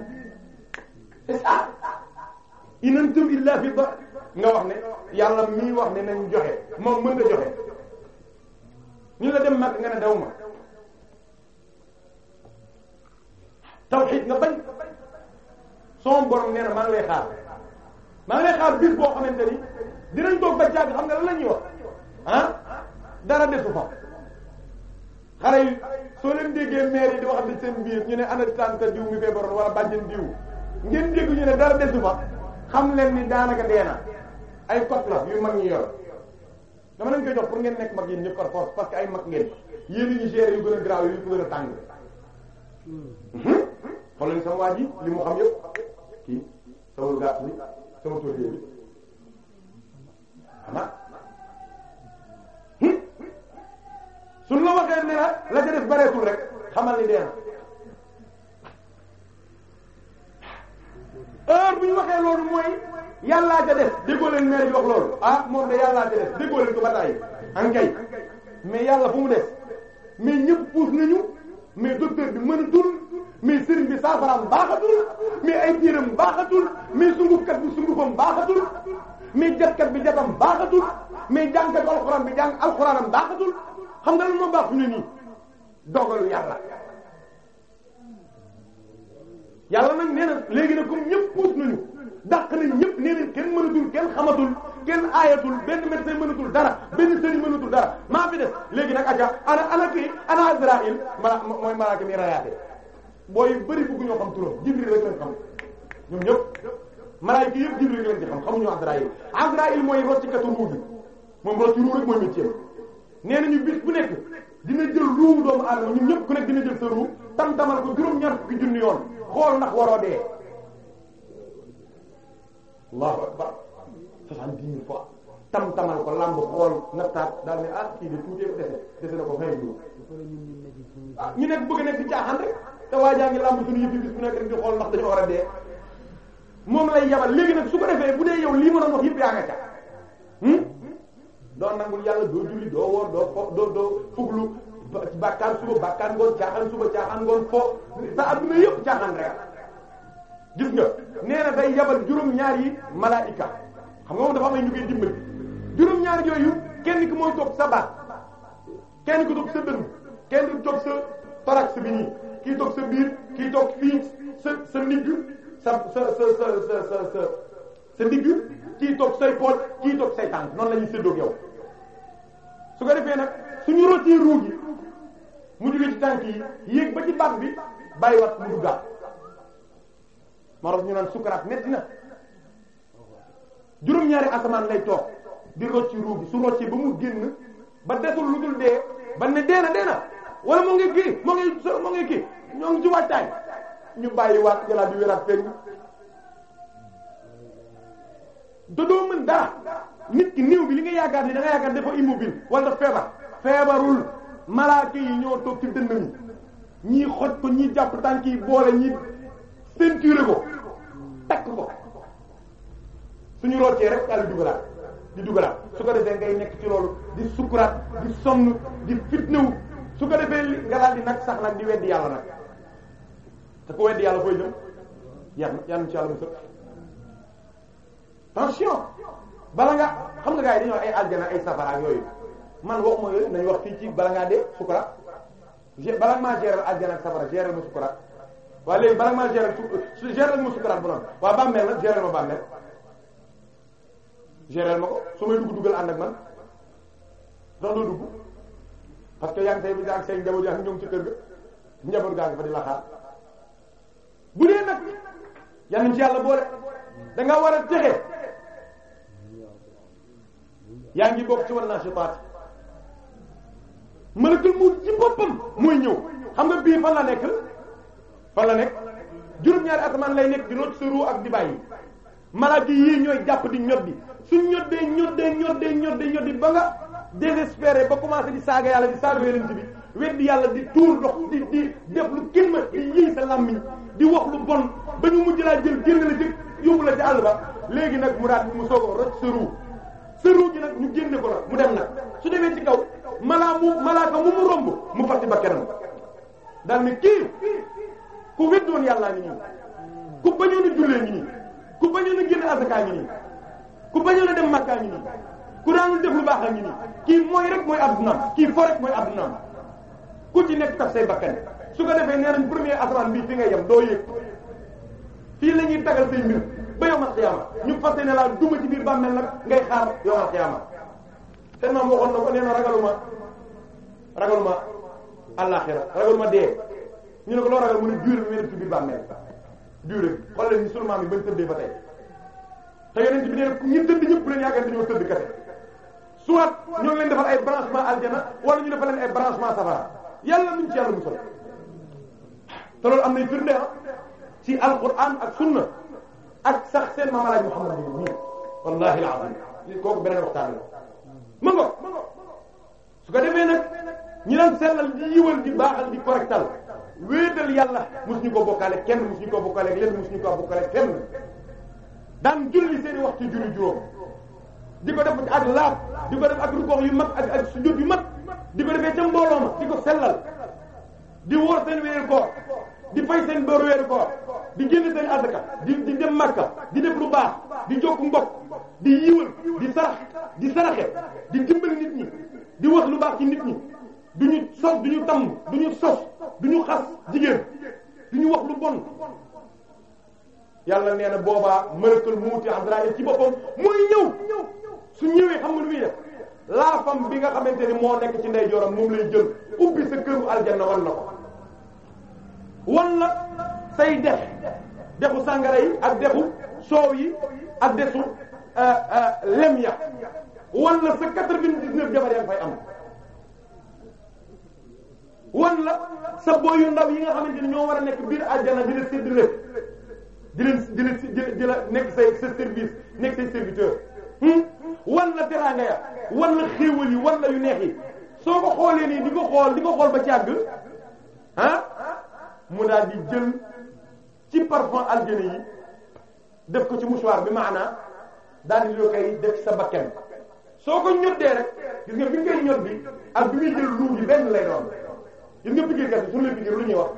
in antum illaa fi dalaalin nga wax ne yàlla mii wax ne nañ joxe moom mën na joxe ñu la dem mag nga ne daw ma tawxiid nga bañ son borom nee na maa ngi lay xaar maa ngi lay xaar bis boo xamante ni dinañ koo ba jàgg xam nga lan la ñuy wax ah dara desu fa xale yi soo leen déggee maire yi di wax ci seen biir ñu ne ana tante diw mi feebaroon wala bàjjen diw ngeen dégg ñu ne dara desu fa xam leen ni daanaka dee na ay kot la yu mag ñu yor dama leen koy jox nekk mag yéen ñëpp par force parce que ay mag ngeen yéen ñu gérer yu gën a graw yu ko gën a tàng. Hmm? Hmm? xoolal sama waa ji li moo xam yëpp kii sama gàtt bi. sama tur yooyu la waxee ne la la ca def bareetul rek xamal ni dee na heure bu ñu waxee loolu mooy yàllaa ca déggoo leen maire bi loolu ah moom de yàllaa ca def déggoo leen ko ba tàyyi mais yàlla fu mu def mais ñëpp puus nañu mais docteur bi mënatul mais sëriñ bi saafaraam baaxatul mais ay tiiram baaxatul mais sungufkat bi sungufam baaxatul mais jatkat bi jatam baaxatul mais jàngkat bi alxuraan bi jàng alxuraanam baaxatul xam nga lan moo baax fi ne nii dogalu yàlla yàlla nag nee na léegi nag comme ñëpp puus nañu dàq nañ ñëpp nee nañ kenn mënatul kenn xamatul kenn aayatul benn médecin mënatul dara benn sëriñ mënatul dara maa fi des léegi nag aca ana ana kii ana Azraïl mala mooy malaaka mi rayaate booy bëri bëgg ñoo xam turam Jibril rek lañ xam ñoom ñëpp malaaka yëpp Jibril rek lañ ci xam xamuñu Azraïl Azraïl mooy roccikatu ruugi moom rocci ruu rek mooy métier nee nañu bis bu nekk dina jël ruu doomu aadama ñun ñëpp ku nekk dina jël sa ruu tam tamal ko juróom-ñaar fukki junni yoon xool ndax waroo dee allahu akbar soixante-dix mille fois tam tamal ko lamb xool na daal ne ah kii de tuuti dese dese na ko vingt jours ah ñu nekk bëgg nekk di caaxaan rek te waa jaa ngi lamb suñu yëpp yi bis bu nekk rek di war a dee moom lay yabal léegi nag su ko defee bu dee yow lii ma doon wax yëpp yaa nga ca hmm? doo nangul yàlla doo julli doo woor doo fo doo doo fuglu bàkkaar suba bàkkaar ngoon caaxaan suba caaxaan ngoon fo sa adduna yëpp caaxaan rek gis nga nee na day yabal juróom-ñaar yi malaayika xam nga moom dafa am ay ñu koy dimbali juróom-ñaar yooyu kenn ki mooy toog sa baat kenn ki toog sa dënn kenn ki toog sa parax bi nii kii toog sa biir kii toog fii sa sa ndigg sa sa sa sa sa sa sa ndigg kii toog say pool kii toog say tànk noonu la ñuy séddoog yow su ko defee nag suñu rotee ruug yi mu jógee ci tànk yi yéeg ba ci baat bi bàyyiwaat mu duggaat moo tax ñu naan sukaraat métti na juróom-ñaari asamaan lay toog di rocci ruugi su rocci ba mu génn ba desul lu dul dee ba ne dee na dee na wala moo ngi kii moo ngi so moo ngi kii ñoo ngi ci waajtaay ñu bàyyi waat jëlaat bi wéraat feeñ da doo mën dara nit ki néew bi li nga yaakaar ni da nga yaakaar dafa immobile wala dafa feebar feebarul malaaka yi ñoo toog ci dënn ñii xoj ko ñii jàpp tànk yi boole ñii ceinture ko takk ko suñu roccee rek daal di dugalaat di dugalaat su ko defee ngay nekk ci loolu di sukkuraat di sonn di fitnewu su ko defee li nga daal di nag sax nag di weddi yàlla nag te ko weddi yàlla fooy jëm yàlla yàlla ci yàlla mu sëkk tension bala nga xam nga gars yi dañoo ay aljana ay safara ak yooyu man waxuma yooyu nañ wax fii ci bala ngaa dee sukkuraat bala maa gérer aljana ak safara gérer ma sukkuraat waaye léegi bala maa gérer su gérer ma sukuraat bu naan waaw nag gérer ma bàmmeel gérer ma ko su may dugg duggal ànd ak man ndax doo dugg parce que yaa ngi say bi ak seen njaboot yaa ngi ñoom ci kër ga njaboot gaa ngi fa di la xaar bu dee nag yal nañ ci yàlla boole da war a texe yaa ngi bokk ci war naa si baat malakul mu ci boppam mooy ñëw xam nga bii fan nekk. fan la nekk juróom-ñaari asamaan lay nekk di noot sa ruu ak di bàyyi maladie yii ñooy jàpp di ñoddi suñ ñoddee ñoddee ñoddee ñoddee ñoddi ba nga désespéré ba commencé di saaga yàlla di saaga yonent bi weddi yàlla di tuur ndox di di def lu kenn di yiy sa làmmiñ di wax lu bon ba ñu mujj laa jël génn la jëkk yóbbu la ci àll ba léegi nag mu daal mu soog a rëcc sa ruu sa ruu gi nag ñu génne ko la mu dem nag su demee ci kaw malaa mu malaaka mu mu romb mu fàtti ba kenam ku weddoon yàllaa ngi nii ku bañoon a jullee ngi ku bañoon a génn asakaa ngi nii ku bañoon a dem makkaa ngi nii ku daanul def baax a ngi kii mooy rek mooy addunaam kii fo rek mooy addunaam ku ci nekk taf say bakkan su ko defee nee nañ premier asamaan bii fi nga yem doo yëg fii la ñuy tagal ba yawmal xiyaama ñu fas yéene laa duma ci biir bàmmeel nag ngay xaar yawmal xiyaama seen maam waxoon na ko nee ragaluma ragaluma àllaaxira ragaluma dee ñu ne ko loo ragal mu ne durée bi ngay def ci biir bàmmeel durée xool leen sunu maam yi ba tey te yonent bi nee na ñi tëdd ñëpp bu leen yaakaar dañoo tëdd kese soit ñoo ngi leen defal ay branchement aljana wala ñu defal leen ay branchement safara yàlla nañ ci yàlla musal te loolu am nay firnde ah. ci alquran ak sunna ak sax seen maam alaaj Muhammad bi nii wallahi alazim kooku beneen waxtaan la ma ngo su ko defee nag ñi leen sellal di yiwal di baaxal di correctal wéetal yàlla mus ñu ko bokkaale kenn mus ñu ko bokkaale lenn mus ñu ko bokkaale kenn daan julli seeni waxtu julli juróom di ko def ak laab di ko def ak rukoox yu mag ak ak sujjóot yu mag di ko defee ca mbooloo ma di ko sellal di wóor seen weeru di fay seen bor weeru di génn seen azaka di di dem Makka di def lu baax di jokk mbokk di yiwal di sarax di saraxe di dimbali nit ñi di wax lu baax ci nit ñi du ñu sos du ñu tam du ñu sos du ñu xas jigéen du ñu wax lu bon yàlla nee na boobaa malakal muuti Azraayil ci boppam mooy ñëw su ñëwee xam nga lu muy def laafam bi nga xamante ni moo nekk ci ndeyjooram moom lay jël ubbi sa këru aljanna wan la ko wan say dex dexu sàngara yi ak dexu soow yi ak dexu euh, euh, lem ya wan la sa quatre-vingt-dix-neuf jabar yaa fay am wan la sa boy yu ndaw yi nga xamante ni ñoo war a nekk biir àjjana di la séddale di leen di leen di di la nekk say sa service nekk say serviteur hmm? wan la teraanga ya wan la xéewal yi wan la yu neex yi soo ko xoolee nii di ko xool di ko xool ba ci càgg ah mu daal di jël ci parfum aljana yi def ko ci mouchoir bi maanaa daal di loo koy def sa bakkan soo ko ñoddee rek gis nga bi ñu koy ñod bi ak bi muy jël luugi benn lay doon gis nga pikir kat pour le pikir lu ñuy wax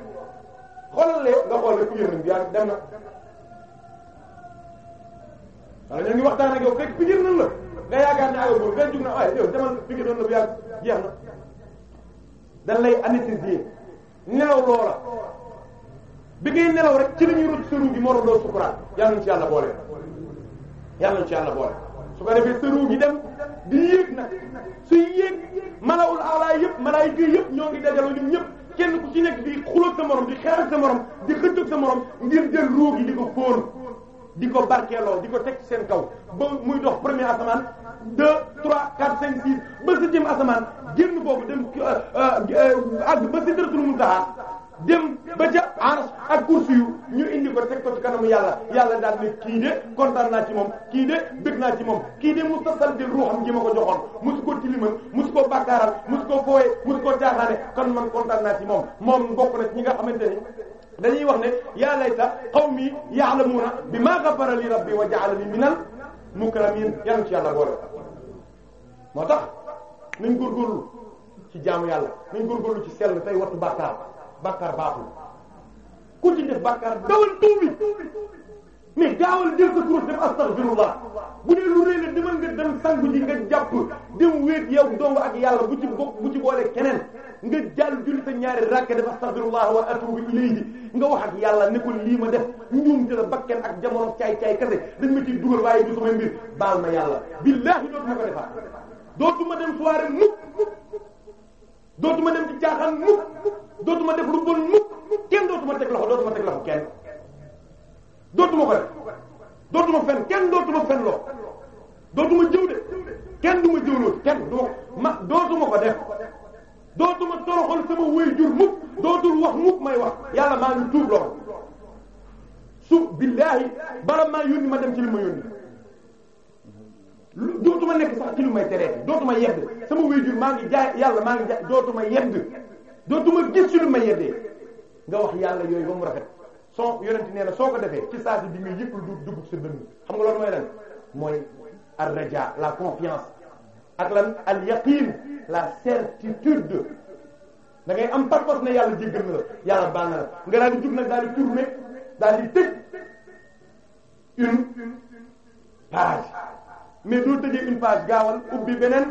xoolal lee nga xool rek ku yónni bi yaa dem na. wala ñu ngi waxtaan ak yow fekk pikir nan la nga yaakaar ne ayoo boobu benn jug na waaye yow demal pikir nan la bu yàgg jeex na dañ lay anesthésier nelaw loola bi ngay nelaw rek ci la ñuy rëcc sa ruug gi moo doon doo sukuraat yàlla ci yàlla boole yàlla na ci yàlla boole. su ko defee sëruu gi dem di yéeg nag suy yéeg malawul ala yëpp malaayika yëpp ñoo ngi dajaloo ñun ñëpp kenn ku ci nekk di xuloog sa morom di xeer ak sa morom di xëcc ak sa morom ngir jël ruu gi di ko fóon di ko barkeeloo di ko teg seen kaw ba muy dox premier asamaan deux trois quatre cinq six ba septième asamaan génn boobu dem ak euh, euh, euh, ba sidratul muntaha dem ba ca Ars ak kursi yu ñu indi ko teg ko ci kanamu yàlla yàlla daal ne kii de kontaan naa ci moom kii de bëgg naa ci moom kii de mu tasantil ruuxam ji ma ko joxoon musu ko tilimal musu ko bakkaaral musu ko fooye musu ko caaxaane kon man kontaan naa ci moom moom bokk na ci ñi nga xamante ni dañuy wax ne yi yaa layta qawmi ya'lamuna bima ghafara li rabbi wa ja'alani minal mukramin yan ci yàlla boole moo tax nañ góorgóorlu ci jaamu yàlla nañ góorgóorlu ci sell tey wattu bàkkaar bàkkaar baaxul ku ci def bàkkaar dawal tuubi mais gaawal jël sa kurus def astaghfirullah bu dee lu rëy la demal nga dem sangu ji nga jàpp dem wéet yow dong ak yàlla bu ci bokk bu ci boole keneen nga jàll julli sa ñaari rakka def astaghfirullah wa atubu ilayhi nga wax ak yàlla ne ko lii ma def ñoom te la bakken ak jamono caay caay kese da ma ciy dugal waaye du samay mbir baal ma yàlla billaahi dootuma ko defaat dootuma dem soirée mukk dootuma dem ci jaaxaan mukk dootuma def lu bon mukk kenn dootuma teg loxo dootuma teg loxo kenn dootuma ko def dootuma fen kenn dootuma fen loo dootuma jëw de kenn du ma jëwloo kenn du ma dootuma ko def dootuma toroxal sama wéy jur dootul wax mukk may wax yàlla maa ngi tuub loxo su billaahi bala maa yónni ma dem ci li ma yónni lu dootuma nekk sax ci lu may yedd sama waajur maa ngi jaay yàlla maa ngi jaay dootuma yedd dootuma gis ci lu may yeddee nga wax yàlla yooyu ba mu rafet soo yonent nee na soo ko defee ci saa si bi muy yëpp lu dugg sa dënn xam nga loolu mooy lan mooy al raja la confiance ak lan al yaqin la certitude da ngay am purpose na yàlla jéggal na la yàlla baal na la nga daal di jug nag daal di daal di page mais doo tëjee une page gaawal ubbi beneen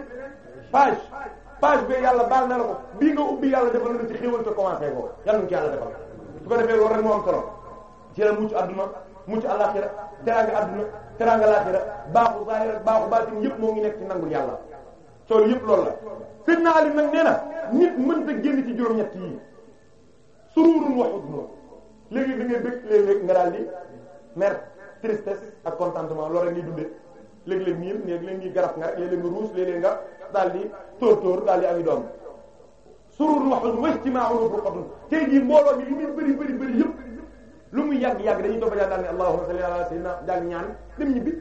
page page bi yàlla baax na la ko bii nga ubbi yàlla defal na ci xéwal te commencé ko yàlla mu ci yàlla defal su ko defee loolu rek moo am solo ci la mucc adduna mucc alaxira teraanga adduna teraanga alaxira baaxu zahir ak baaxu baatin yëpp moo ngi nekk ci nangul yàlla tool yëpp loolu la Seydina Ali nag nee na nit mënta génn ci juróom-ñett yi sururun wa huzn léegi da bëgg léeg daal di mer tristesse ak contentement loolu rek ngay léegi léeg nii léeg-léeg nii garab nga rek léeg nga ruus léeg nga daal di tóor tóor daal di ami doom surur waxul wajtimaa'un furqatun tey jii mbooloo mi li muy bëri bëri bëri lu muy yàgg yàgg dañuy toog a daal ne allahumma salli ala sayyidina daal ñaan dem ñibbi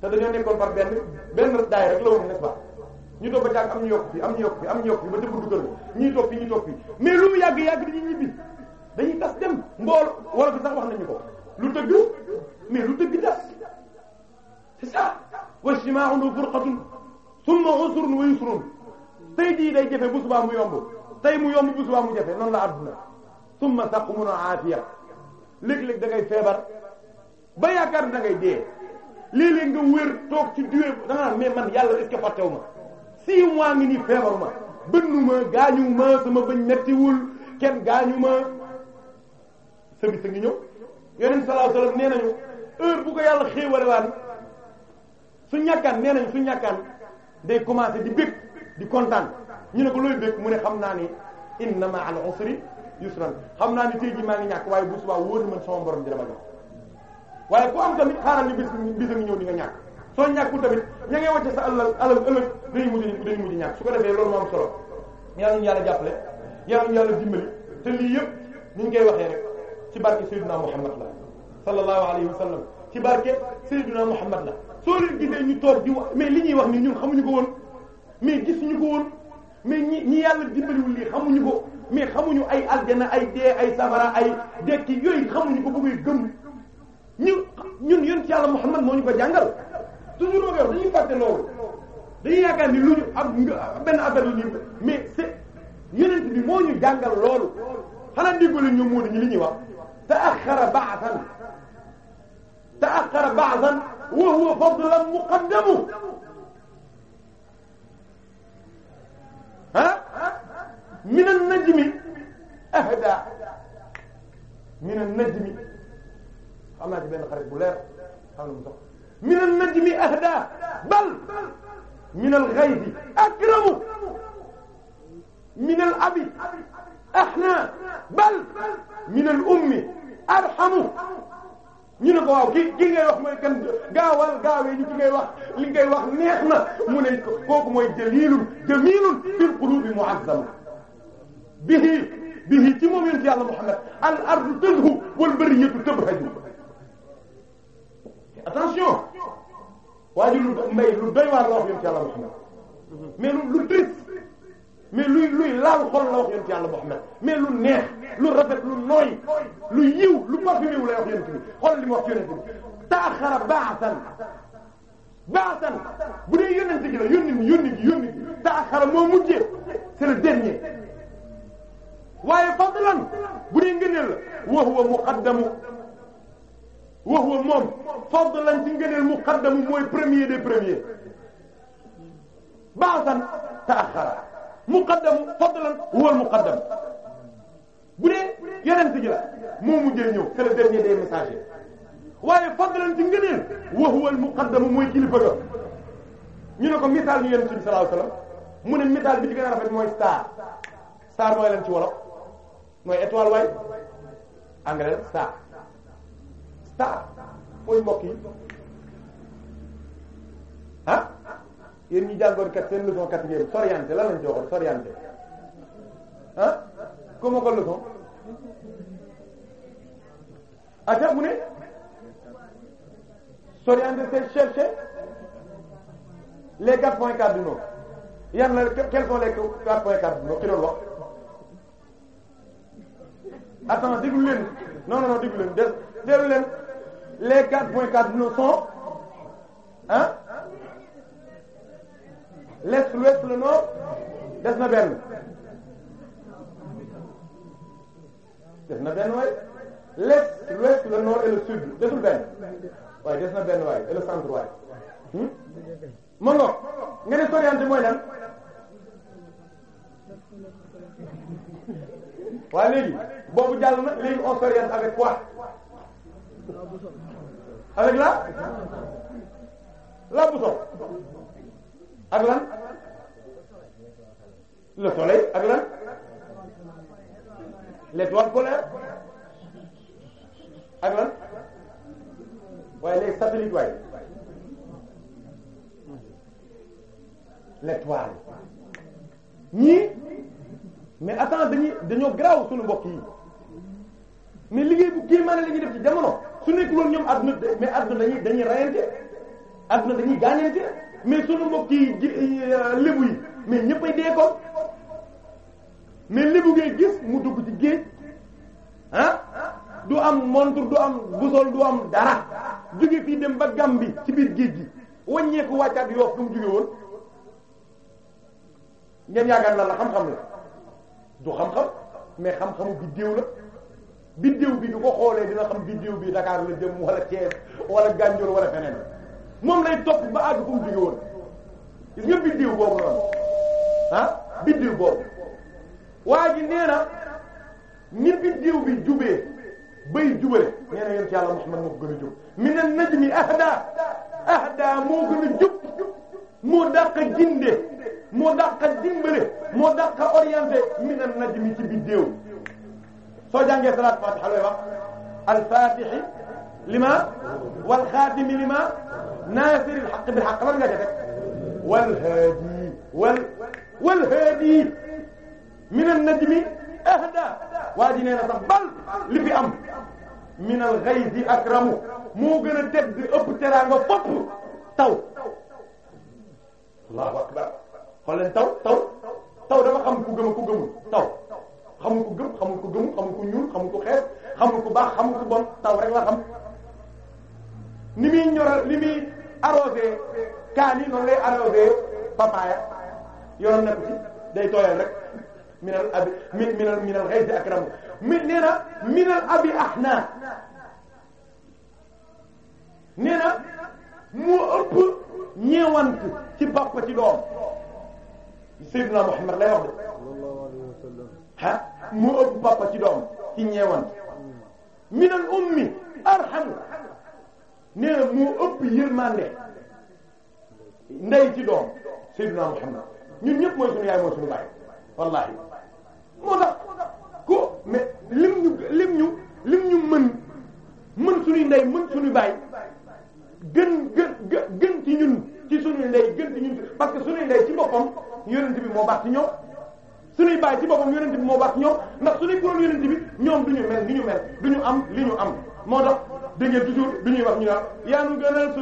te dañoo nekkoon par benn benn daay rek la woon n'est-ce pas ñu toog a jàng am ñu yokk fi ñu yokk fi ñu yokk fi ba dëpp dugal mu yàgg yàgg dañuy ñibbi dañuy tas dem mbool wala bi sax wax nañu ko lu dëgg mais lu tëgg tas c'est ça wa shima'un furqatun summa usrun wa yusrun tey jii day jafe bu mu yomb tey mu yomb bu subaa mu jafe noonu la adduna summa taqumuna aafiya léeg-léeg da feebar ba yaakaar da ngay dee léeg toog ci da nga naan yàlla est-ce que ma six mois ngi nii feebaru ma bënnu ma sama bëñ mettiwul kenn gaañu ma sa a ngi ñëw yonent sallallahu alayhi wasallam nee nañu heure bu ko yàlla xéewale waan suñ ñàkkaan nee nañ ñàkk ñàkkaan day commencé di bég di kontaan ñu ne ko looy bég mu ne xam naa ni inna ma'al usri yusran xam naa ni tey jii maa ngi ñàkk waaye bu subaa wóor na man sama borom dina ma jox waaye ku am tamit xaaral ni bis bis a ngi di nga ñàkk soo ñàkku tamit ña ngay wacce sa alal alal ëllëg dañuy mujj dañuy mujj ñàkk su ko defee loolu moo solo yàlla ñu yàlla jàppale yàlla ñu yàlla dimbali te lii yëpp ñu ngi koy waxee rek ci barke Seydina la sallallahu alayhi wa sallam ci barke Seydina la soo leen gisee ñu toog di wax mais li ñuy wax ni ñun xamuñu ko woon mais ñu ko woon mais ñi ñi yàlla dimbaliwul lii xamuñu ko mais xamuñu ay aljana ay dee ay safara ay dekki yooyu xamuñu ko ba muy gëm ñu ñun yonent yàlla Muhammad moo ñu ko jàngal toujours ma ko wax dañuy fàtte loolu dañuy yaakaar ni lu ñu ab benn affaire la ñu mais c'est yonent bi moo ñu jàngal loolu xanaa déggoo ñu ñoom moo ñu li ñuy wax ta'akhkhara ba'than ta'akhkhara ba'than wa huwa fadlan muqaddamu ah min an-najmi ahda min an-najmi xam naa ci benn xarit bu leer xam na mu sax min an-najmi ahda bal min al-ghaybi akramu min al-abi ahna bal min al-ummi arhamu ñu ne ko waaw ki ki ngay wax mooy kan gaawal gaawee ñu ki ngay wax li ngay wax neex na mu ne kooku mooy jalilun jamilun fil qulubi mu'azzam bihi bihi ci moom yonent yàlla Muhammad al ardu tazhu wal bariyatu tabhaju attention waaye lu may lu doy waar la wax yonent yàlla Muhammad mais lu triste mais luy luy laal xol la wax yonent yàlla Muhammad mais lu neex lu rafet lu nooy lu yiw lu parfumé wu lay wax yonent bi xool li mu wax yonent bi taaxara baasan baasan bu dee yonent gi la yónni yónni yónni taaxara moo mujjee c'est le dernier waaye fadlan bu dee ngëneel la wa huwa muqaddamu wa huwa moom fadlan ci ngëneel muqaddamu mooy premier des premiers baasan taaxara muqaddamu fadlan huwal muqaddam bu dee yonent ji la moo mujjee ñëw que le dernier des messagers waaye fadlan ci wa huwal muqaddamu mooy kilifa ga ñu ne ko misaal ñu yonent bi sallallahu alayhi mu ne misaal bi ci gën rafet mooy star star mooy leen ci wolof mooy étoile waaye anglais star star mooy mbokk yéen ñu jàngoon kat seen leçon quatrième soriante lan lañ ci waxoon soriante ah comment ko leçon aca mu ne soriante c'est chercher les quatre points cardinaux yan la quels sont les quatre points cardinaux ki doon wax attends déglu leen non non non déglu leen déglu leen les quatre points cardinaux sont ah l'est l'ouest le nord des na benn des na benn waay l'est l'ouest le nord et le sud desul benn waaye des na benn waay et le centre waay ma hmm? ngo nga ne s'orienter mooy lan waaye léegi boobu jàll na léegi on s'oriente avec quoi avec la la boussole ak le soleil ak lan l'étoile polaire ak waaye les satellites waaye l'étoile ñii mais attends dañuy dañoo graw suñu mbokk yi mais liggéey bu kéemaane la ñuy def ci jamono su nekkul woon ñoom adduna mais adduna dañuy dañuy rayante adduna dañuy gaañante mais sunu mbokk yi eh, euh, lébu yi mais ñëpp a dee ko mais lébu ngay gis mu dugg ci géej ah du am montre du am busol du am dara jóge fii dem ba Gàmbi ci biir géej gi wàññeeku wàccaat Yoof fu mu jóge woon ngeen yaakaar lan la xam-xam la du xam-xam mais xam-xamu biddéew la biddéew bi du ko xoolee dina xam biddéew bi Dakar la jëm wala Thiès wala Gandiol wala feneen moom lay topp ba àgg fu mu jóge woon gis nga biddiw boobu noonu ah biddiw boobu waa ji nee na ni biddiw bi jubee bay jubale nee na yéen ci yàlla Muhammad moo ko gën a jub min an najmi ahda ahda moo gën a jub moo dàq a ginde moo dàq a dimbale moo dàq a orienté min an najmi ci biddiw soo jàngee salaat fatiha looy wax al fatihi lima wal xaatimi lima naasiril xaq bil xaq wal haadi wal wal haadi minan najmi ahda waa ji nee na sax bal li fi am akramu moo gën a tedd ëpp teraanga fopp taw allahu akbar xool leen taw taw taw dafa xam ku gëm ku gëmul taw xamul ku baax xamul bon taw rek la ni muy ñoro ni muy arrosé kaani noonu lay arrosé papaaya yoon na ko ci day tooyal rek minal abi min minal minal ghayth akramu mi nee na minal abi ahna nee na moo ëpp ci bàpp ci doom Seydina Muhammad lay wax de ah moo ëpp bàpp ci doom ci ñeewant minal ummi arham nee na moo ëpp yërmande ndey ci doom Seydina Muhammad ñun ñëpp mooy suñu yaay mooy suñu baay wallahi moo tax ko mais lim ñu lim ñu lim ñu mën mën suñuy ndey mën suñu baay gën gën gën ci ñun ci suñuy ndey gën ci ñun parce que suñuy ndey ci boppam yonent bi moo baax ci ñoom suñuy baay ci boppam yonent bi moo baax ci ñoom ndax suñuy kuréel yonent bi ñoom du ñu mel ñu mel du ñu am li ñu am moo tax ñuy wax ñu naan yaa nu gënal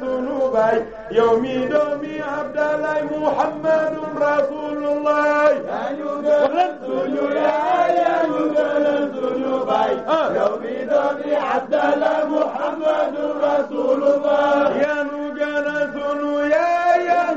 sunu yaay yow mi doomi Abdallah Muhammadun Rasulullah yaa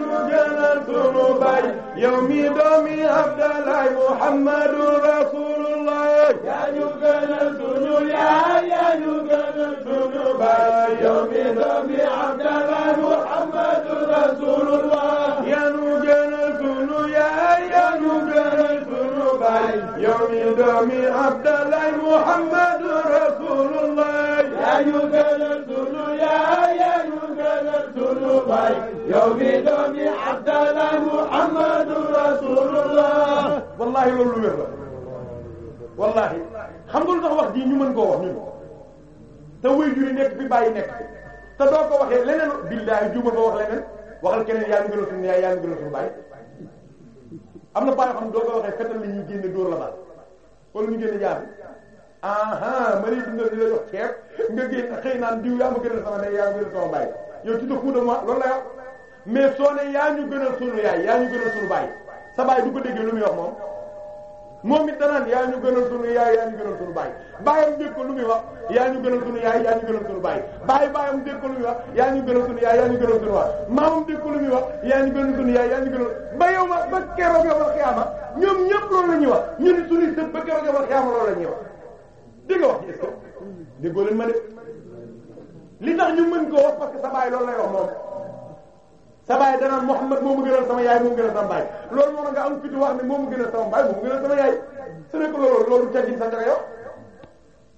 jëlal sunu bay yow mi doomi Abdalaay Muhammadu Rasulullah yaa ñu gënal sunu yaay yaa ñu gënal sunu bay yow mi doomi Abdalaay Muhammadu Rasulullah yaa ñu gënal sunu yaay yaa ñu gënal sunu bay yow mi doomi Abdalaay Muhammadu Rasulullah yaa ñu gënal sunu yaay yaa ñu gënal sunu baay yow mi doomi Abdallah Muhammadu Rasulullah wallahi loolu xam nga lu wax ji ñu mën koo wax ñun te wuy juri nekk fi bàyyi nekk te doo ko waxee leneen billahi juuma ko wax leneen waxal keneen yaa ñu gënal baay am na bàyyi xam doo ko waxee fetal la génne dóor la baal wala ñu génne jaar aha ma lay dundal di la jox ceeb nga génn xëy naan diw yaa ma gënal sama ndey yaa ma gënal sama baay yow tu te fous de moi loolu la yow mais soo ne yaa ñu gënal sunu yaay yaa ñu gënal sunu baay sa baay du ko déggee lu muy wax moom moom it danaan yaa ñu gënal sunu yaay yaa ñu gënal sunu baay baayam dégg ko lu muy wax yaa ñu gënal sunu yaay yaa ñu gënal sunu baay baay baayam dégg ko lu muy wax yaa ñu gënal sunu yaay yaa ñu gënal sunu waay maamam dégg ko lu muy wax yaa ñu gënal sunu yaay yaa ñu gënal ba yow ma ba keroog yow ma xiyaama ñoom ñëpp loolu la ñuy wax ñu ni sunu sëb ba keroog yow ma xiyaama loolu la ñuy wax dégg nga wax ci est ma li tax ñu mën koo wax parce que sa baay loolu lay wax moom sa baay danaan Muhammad moomu gënal sama yaay moomu gënal sama baay loolu moo tax nga am fiti wax ne moomu gënal sama baay moomu gënal sama yaay su nekk loolu loolu cajjin sa njëkk yow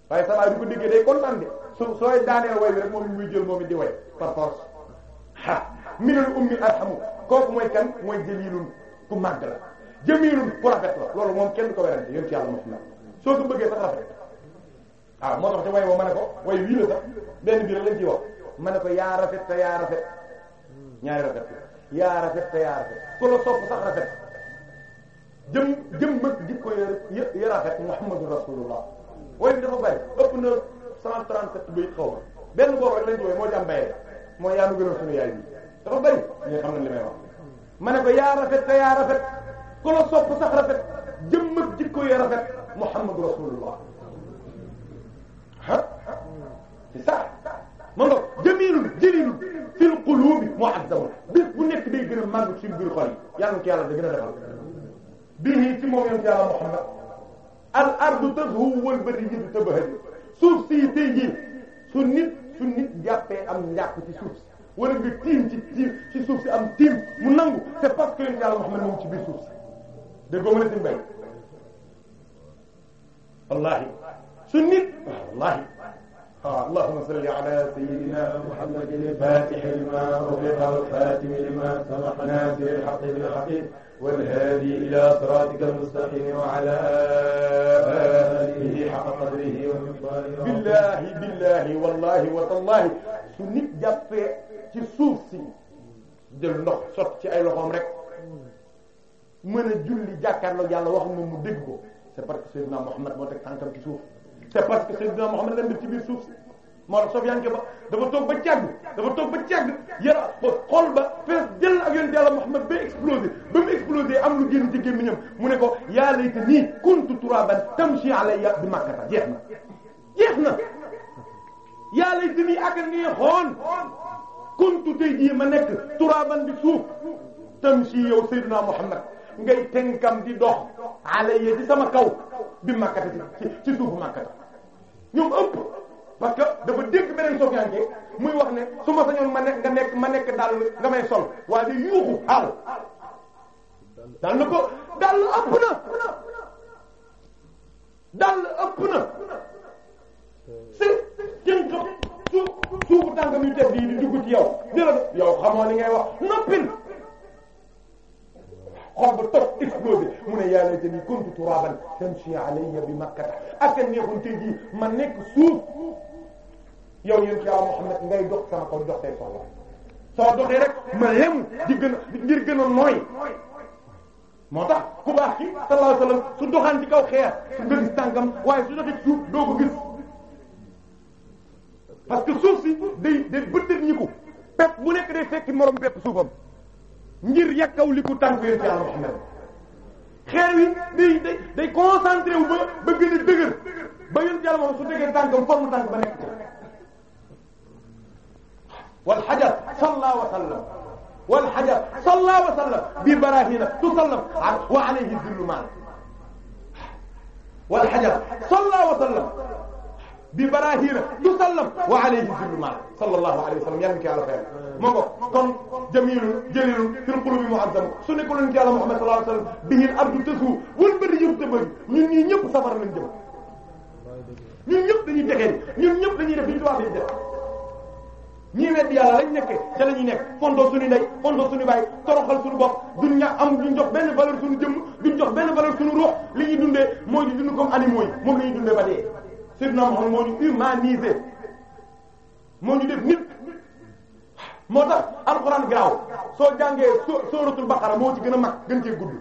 waaye sa baay bu ko déggee day kontaan de soo sooy daaneel way bi rek moom muy jël moom it di way par force a minal ummi arhamu kooku mooy kan mooy jëliilun ku màgg la jëmiilun ku rafet la loolu moom kenn ko werante yéen ci yàlla moom bëggee sax rafet. waaw ah, moo tax te way woo ma ne ko way wii la sax benn biir lañ ci wax ma ne ko yaa rafet te yaa rafet ñaari rafet yaa rafet te yaa rafet ku la sopp sax rafet jëm jëm bëgg di ko y rafet Muhammadu Rasulullah way bi dafa bari ëpp na 137 bayit xaw ma benn boobu rek lañ ci way moo jàm bayee mooy yaa nu gënal suñu yaay bi dafa bari ñu xam nañ li may wax ma ne ko yaa rafet te yaa rafet ku la sopp sax rafet jëm bëgg di ko y rafet Muhammadu Rasulullah ah c'est ça ma nga qulubi mu'azzam bis bu nekk day gën a màgg ci biir xol yi yàlla ko yàlla da gën a defal bii ci moom yonent yàlla Muhammad al ardu tazhu wal bariyyu tabhaju suuf si tey jii am njàpp ci suuf si wala nga tiim ci am tiim mu nangu c'est parce que yonent yàlla Muhammad moom ci biir wallahi su nit wallahi allahumma salli ala sayyidina muhammadin fatih lima ughliqa al-khatim lima sabaqa nasir al-haqq bil-haqq wal-hadi ila siratika al-mustaqim wa ala alihi haqqa qadrihi wa miqdarihi billahi billahi wallahi wa tallahi su nit jàppee ci suuf si jël ndox sot ci ay loxoom rek mën a julli jàkkaarloo yàlla wax moom mu dégg ko c'est parce que sayyidina Muhammad moo teg tànkam ci suuf c'est parce que Seydina Muhammad la mbir ci biir suuf si moo tax Sofyanke ba dafa ba càgg dafa toog ba càgg yara xol ba fees jël ak yonent Yàlla Muhammad ba ba mu explosé am kuntu turaban tamshi alayya bi Makkata jeex na jeex na yaa kuntu tey ma nekk turaban bi suuf tamshi yow Seydina Muhammad ngay tenkam di dox alayya ci sama kaw bi Makkata ci ci suufu Makkata ñoom ëpp parce que dafa dégg beneen sofianke muy wax ne su ma sañoon ma nekk nga nekk ma nekk dal nga may sol waaye di yuuxu xaal dal na ko dal ëpp na dal ëpp na si jën suufu tànkam yu tedd yi di dugg ci yow di la yow xamoo li ngay wax noppil xol ba tos explosé mu ne yaa laytanii kuntu turaaban tamshi alayya bi makkata ak a neexoon tey jii ma nekk suuf yow yéen ci yàlla Muhammad ngay dox sama kaw dox say soxla soo doxee rek ma lemu di gën a nooy moo tax ku baax ki sallallahu alayhi wasallam su doxaan ci kaw xeer nga gis tànkam waaye su doxee ci suuf parce que suuf si bu nekk day fekki morom pepp ngir yàkkaw li ko tànku yonent yàlla Muhammad xeer wi day day day concentré wu ba ba gën a dëgër ba yonent yàlla moom su tegee tànkam forme tànk ba nekk wal hajar sallallahu wa sallam wal hajar sallallahu wa sallam bi barahina tusallam wa alayhi dhillu mal wal hajar sallallahu wa sallam bi barahina tusallam wa alayhi zimmal sallallahu alayhi wa sallam yàlla na ko yàlla fayal moo ko kon jamilu jalilu fil qulubi mu'azzam su nekk leen ci yàlla Muhammad sallallahu alayhi wa sallam bi ngeen ardu tësu wal bëri yëpp tëbëri ñun ñii ñëpp safara lañ jëm ñun ñëpp dañuy degee ñun ñëpp dañuy def li tubaab yi def ñii wedd yàlla lañ nekkee ca la ñuy nekk fontoo suñu ndey fontoo suñu baay toroxal suñu bopp duñ ña am duñ jox benn valeur suñu jëmm duñ jox benn valeur suñu ruux li ñuy dundee mooy di dund comme animaux yi moom la ñuy dundee ba dee Seydina Muhammad moo ñu humanisé moo ñu def nit moo tax alxuraan gaaw soo jàngee sóoratul baqara moo ci gën a mag gën cee gudd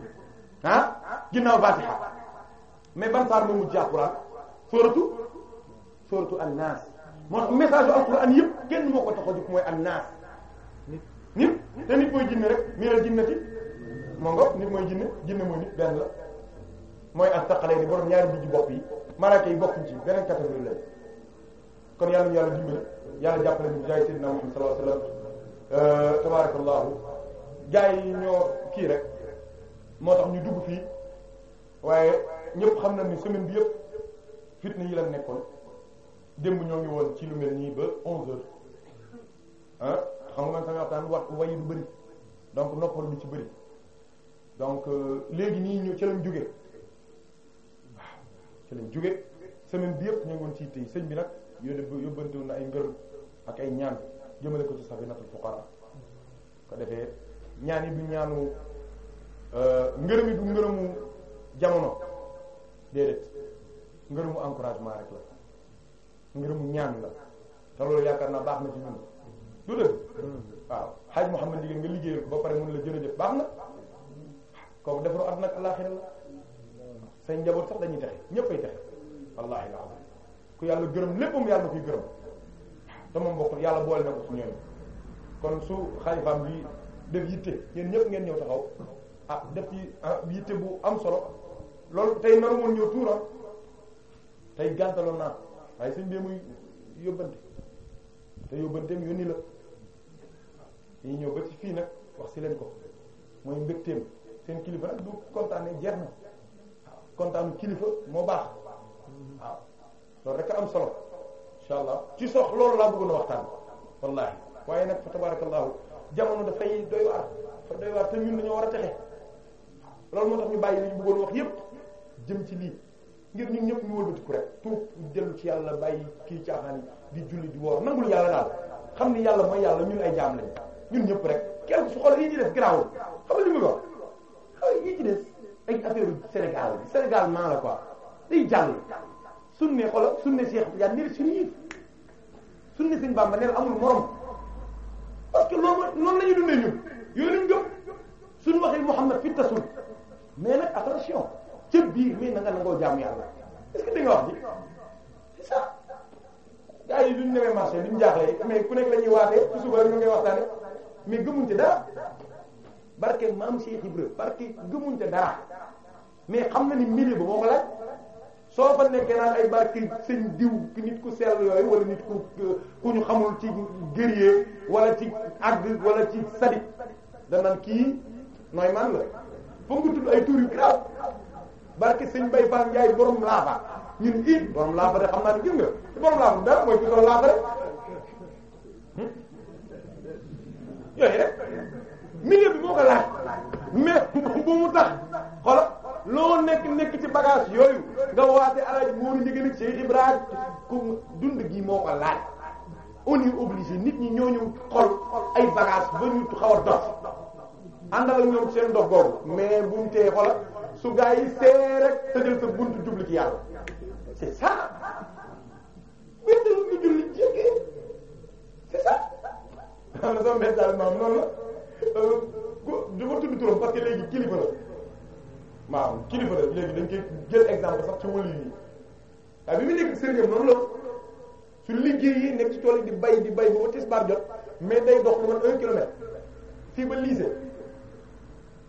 ah ginnaaw fatiha mais ban saar moo mujj alxuraan sóoratu sóoratu annaas moo tax message alxuraan yëpp kenn moo ko tax a jóg mooy annaas nit te nit mooy jinne rek miinal jinnati moo nga nit mooy jinne jinne mooy nit benn la mooy astaqalayni borom ñaari bijji bopp yi malaaka yi bokkuñ ci beneen catégorie lañ kon yàlla ñu yàlla dimbali yàlla jàppale ñu jaay sayyidina Muhammad sallallahu alayhi wasallam euh, tabarakallahu gaa yi ñoo kii rek moo tax ñu dugg fii waaye ñëpp xam na ni semaine bi yëpp fitna yi lañ nekkoon démb ñoo ngi woon ci lu mel nii ba 11 heures ah xam nga sama waxtaan wax wayi du donc noppal bi ci bëri donc euh, léegi nii ñu ci lañ jóge ci lañ jóge semaine bi yëpp ñu ngi woon ci tey sëñ bi nag yóbbu yóbbantewoon na ay ngërëm ak ay ñaan jëmale ko ci safinatul ko defee ñaan yi du ñaanu euh, ngërëm yi du ngërëmu jamono déedéet ngërëmu encouragement rek la ñaan la te yaakaar na ci ñun du dëgg waaw xaaj Mouhamed Ndieguène nga liggéeyal ba pare mën la jërëjëf baax na kooku defaru at nag àllaxira la say njaboot sax dañuy texe ñépp ay wallaahi la ku yàlla gërëm léppam yàlla koy gërëm te moom bokkul yàlla boole na ko ci ñoom kon su xalifaam bi def yitte yéen ñépp ngeen ñëw taxaw ah def ci ah, yitte bu am solo loolu tey naru woon ñëw tuuram tey gàntaloon naa waaye suñ bee muy yóbbante te yóbbanteem yónni la yi ñëw ba ci fii nag wax si leen ko mooy mbégteem seen kilifa nag du kontaanee jeex na kon kontaanu kilifa moo baax waaw loolu rek am solo insha allah ci sox loolu laa bëggoon a waxtaan wallaahi waaye nag fa tabarakallahu jamono dafay doy waar fa doy waar te ñun ñoo war a texe loolu moo tax ñu bàyyi li ñu bëggoon wax yépp jëm ci lii ngir ñun ñëpp ñu wëlbatiku rek tuub dellu ci yàlla bàyyi kii caaxaan yi di julli di woor nangul yàlla daal xam ni yàlla mooy yàlla ñun ay jaam lañ ñun ñëpp rek kenn su xol yi ci des garaawul xam nga mu wax xaw yi ci ay affaire Sénégal Sénégal maa la quoi day jàll sunne xolo sunne Cheikh Tidiane neel suñu yëf sunne Sëriñ Bamba neel amul morom parce que loolu noonu la ñu dundee ñun yooyu lañ gëm suñu waxee Muhammad fi tasul mais nag attention ca biir mais na nga nangoo jaamu yàlla est-ce que da nga wax ji c'est ça gars yi duñ demee marché duñ jaaxlee mais ku nekk la ñuy waatee ci gëmuñ ci dara barke maam Cheikh Ibrahima barke gëmuñ ca dara mais xam na ni milieu ba moo ko laaj soo fa nekkee naan ay barke sëñ diw nit ku sell yooyu wala nit ku ku ñu xamul ci guerrier wala ci àgg wala ci sadik danaan kii nooy man la foog nga tudd ay tur yu grave barke sëñ Baye Fall Ndiaye borom laafa ñun it borom laafa de xam naa ne gën nga borom laafa dara mooy ku sol laafa rek hmm? yooyu rek. milieu bi moo ko laaj mais bu mu tax xoolal loo nekk nekk ci bagage yooyu nga waate alaaj Mourou Ndieguène moo ko laaj nit ñi ñoo ñu xol ay bagage ba ñu xaw a dox àndal ak ñoom seen dox boobu mais bu mu tee xoolal su gaa yi see rek tëjal sa buntu jublu yàlla c'est ça. benn maam noonu Euh, dama tudd turam parce que léegi kilifa la waaw kilifa la léegi dañ koy jël exemple sax ci wàllu yi waaye ah, bi mu nekk sëriñam noonu la su liggéey nekk ci tool yi di bay di bay ba tisbaar jot mais day dox lu man un kilomètre fii ba lycée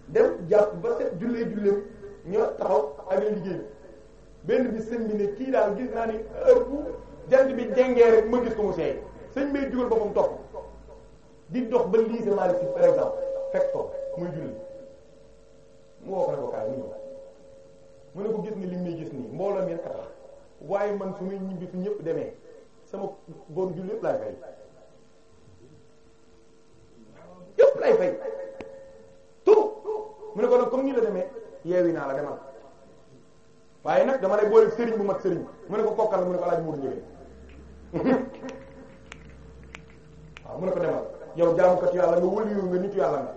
dem jàpp ba set jullee jullee ñoo taxaw ak liggéey bi benn bi sëñ bi ne kii daal gis naa ni heure jant bi jengee rek ma gis ko mu seey sëñ bay jugal boppam topp di dox ba lycée Malick Sy par fekk ko muy julli mu woo ko ne ko kaay mu ne ko gis ni li muy gis nii mbooloo mi rek a tax waaye man su muy ñibbi su ñëpp demee sama bon julli yëpp laay fay yëpp laay mu ne ko nag comme nii la demee yeewi naa la demal waaye nag dama lay boole sëriñ bu mat sëriñ mu ne ko kokkal mu ne ko alaaj muur njëriñ waaw mu ne ko demal yow jaamukatu yàlla nga wëliyu nga nitu yàlla nga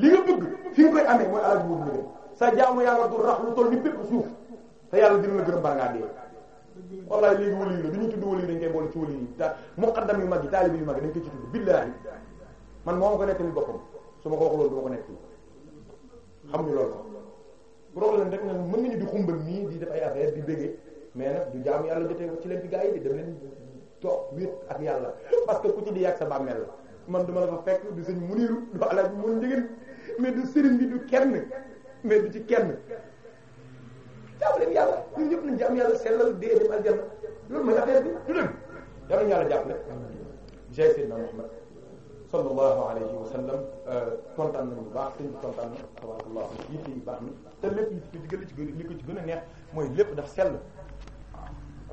li nga bëgg fi nga koy amee mooy alal buur nga dem sa jaamu yàlla du rax lu toll ni bépp suuf te yàlla dina la gërëm bala ngaa dee wallahi léegi wëliyu la bi ñu tudd wëliyu dañ koy boole ci wëliyu yu mag yi taalibe yu mag dañ koy ci tudd billahi ma moom ko nekk ni boppam su ma ko wax loolu du ma ko nekk xam ñu loolu problème rek nag mën nañu di xumbal nii di def ay affaire di bëggee mais du jaamu yàlla jotee ci leen ci gaa yi de dem leen toog wéet ak yàlla parce que ku ci di yàgg sa bàmmeel la man duma la fa fekk du sëñ muniru du alaaj mun njëgën mais du sëriñ bi du kenn mais du ci kenn jàpp leen yàlla ñun ñëpp nañ jàmm yàlla sellal dee dem aljanna loolu mooy bi du dëgg yàlla ñu yàlla jàppale jay seydna Muhammad sallallahu alayhi wa sallam euh, kontaan nañu baax sëñ bi kontaan na tabarakallah yi baax na te lépp li ci a ci gën li ko ci gën a neex mooy lépp daf sell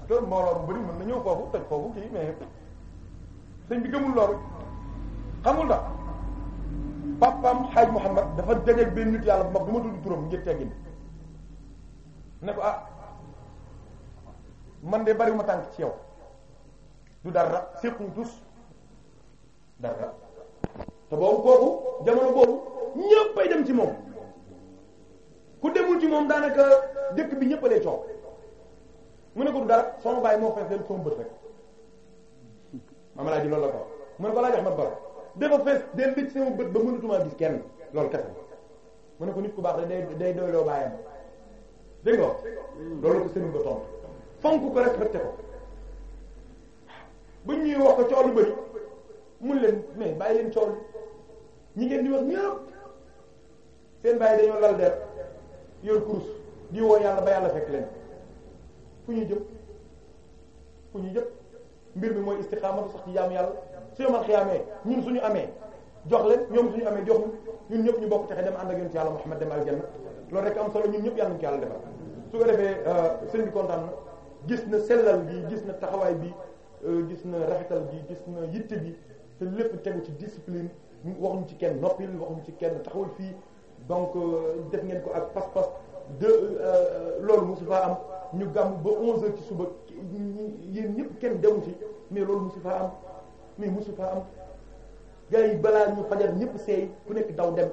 parce que mbooloo bu bëri mën na ñëw foofu toj foofu kii mais sëñ bi gëmul loolu xamul ndax papam xaaj Muhammad dafa dajeeg benn nit yàlla bu mag du ma tudd turam ngir teggin ne ko ah man de bariwuma tànk ci yow du dara séquñ tus dara te boobu kooku jamono boobu ñëppay dem ci moom ku demul ci moom daanaka dëkk bi ñëpp lay mu ne ko du dara sama baay moo fees del sama bët rek maam laa ji loolu la ko mu ne ko laa jox ma baro dafa fees del li sama bët ba mënatumaa gis kenn loolu kese mu ne ko nit ku baax day day doyloo baayam dégg nga loolu ko sëriñ ba tontu fonk ko respecté ko ñuy wax ko coow lu bari mun leen mais bàyyi leen coow ñi ngeen di wax ñëpp seen bàyyi dañoo lal der yor kurus di woo yàlla ba yàlla fekk leen fu ñu jëm fu ñu jëm mbir mi mooy istiqaamatu sax ci yaam yàlla su yomal xiyaamee ñun ñu amee jox leen ñoom suñu amee jox ñun ñëpp ñu bokk texe dem ànd ak yonent yàlla Muhammad dem aljanna loolu rek am solo ñun ñëpp yàlla ñu ci yàlla defal su ko defee euh, sëñ bi kontaan gis na sellal bi gis na taxawaay bi euh, gis na rafetal bi gis na yitte bi te lépp tegu ci discipline waxuñu ci kenn noppil waxuñu ci kenn taxawal fii donc euh, def ngeen ko ak pas de euh, euh, loolu musu faa am ñu gàmm ba 11h ci suba yéen ñëpp kenn demu fi mais loolu musu faa am mais musu faa am gars balaa ñu fajar ñëpp seey ku nekk daw dem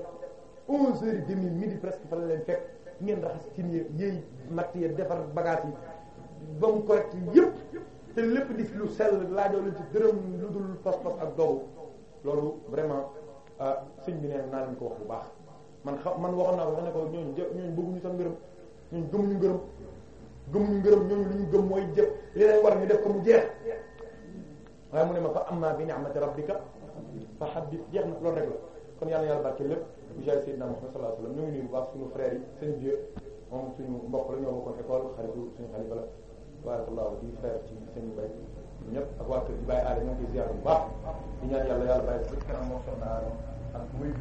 11h30 midi presque fa la leen fekk ngeen raxas ci nii yéey matt yi defar bagage yi ba mu correct yëpp te lépp di fi lu sell laajoo leen ci dërëm lu dul fas fas ak doogu loolu vraiment euh, sëñ bi neen naa leen ko wax bu baax. man xam man waxoon naa ko ma ne ko ñooñu jë ñooñu bëgguñu sax ngërëm ñooñu gëmuñu ngërëm gëmuñu ngërëm ñooñu li ñu gëm mooy jëf li lay war ñu def ko mu jeex waaye mu ne ma fa amma bi ni'mati rabbika fa haddith jeex na loolu rek la kon yàlla yàlla barke lépp bu jaay Seydina Muhammad sallallahu alayhi wasallam ñu ngi nuyu bu baax suñu frère yi seen vieux moom suñu mbokk la ñoo bokkoon école xaritu suñu xalifa la barakallahu di frère ci seen bay ñëpp ak waa kër di bàyyi aale ñoo ngi ziar bu baax di ñaan yàlla yàlla bàyyi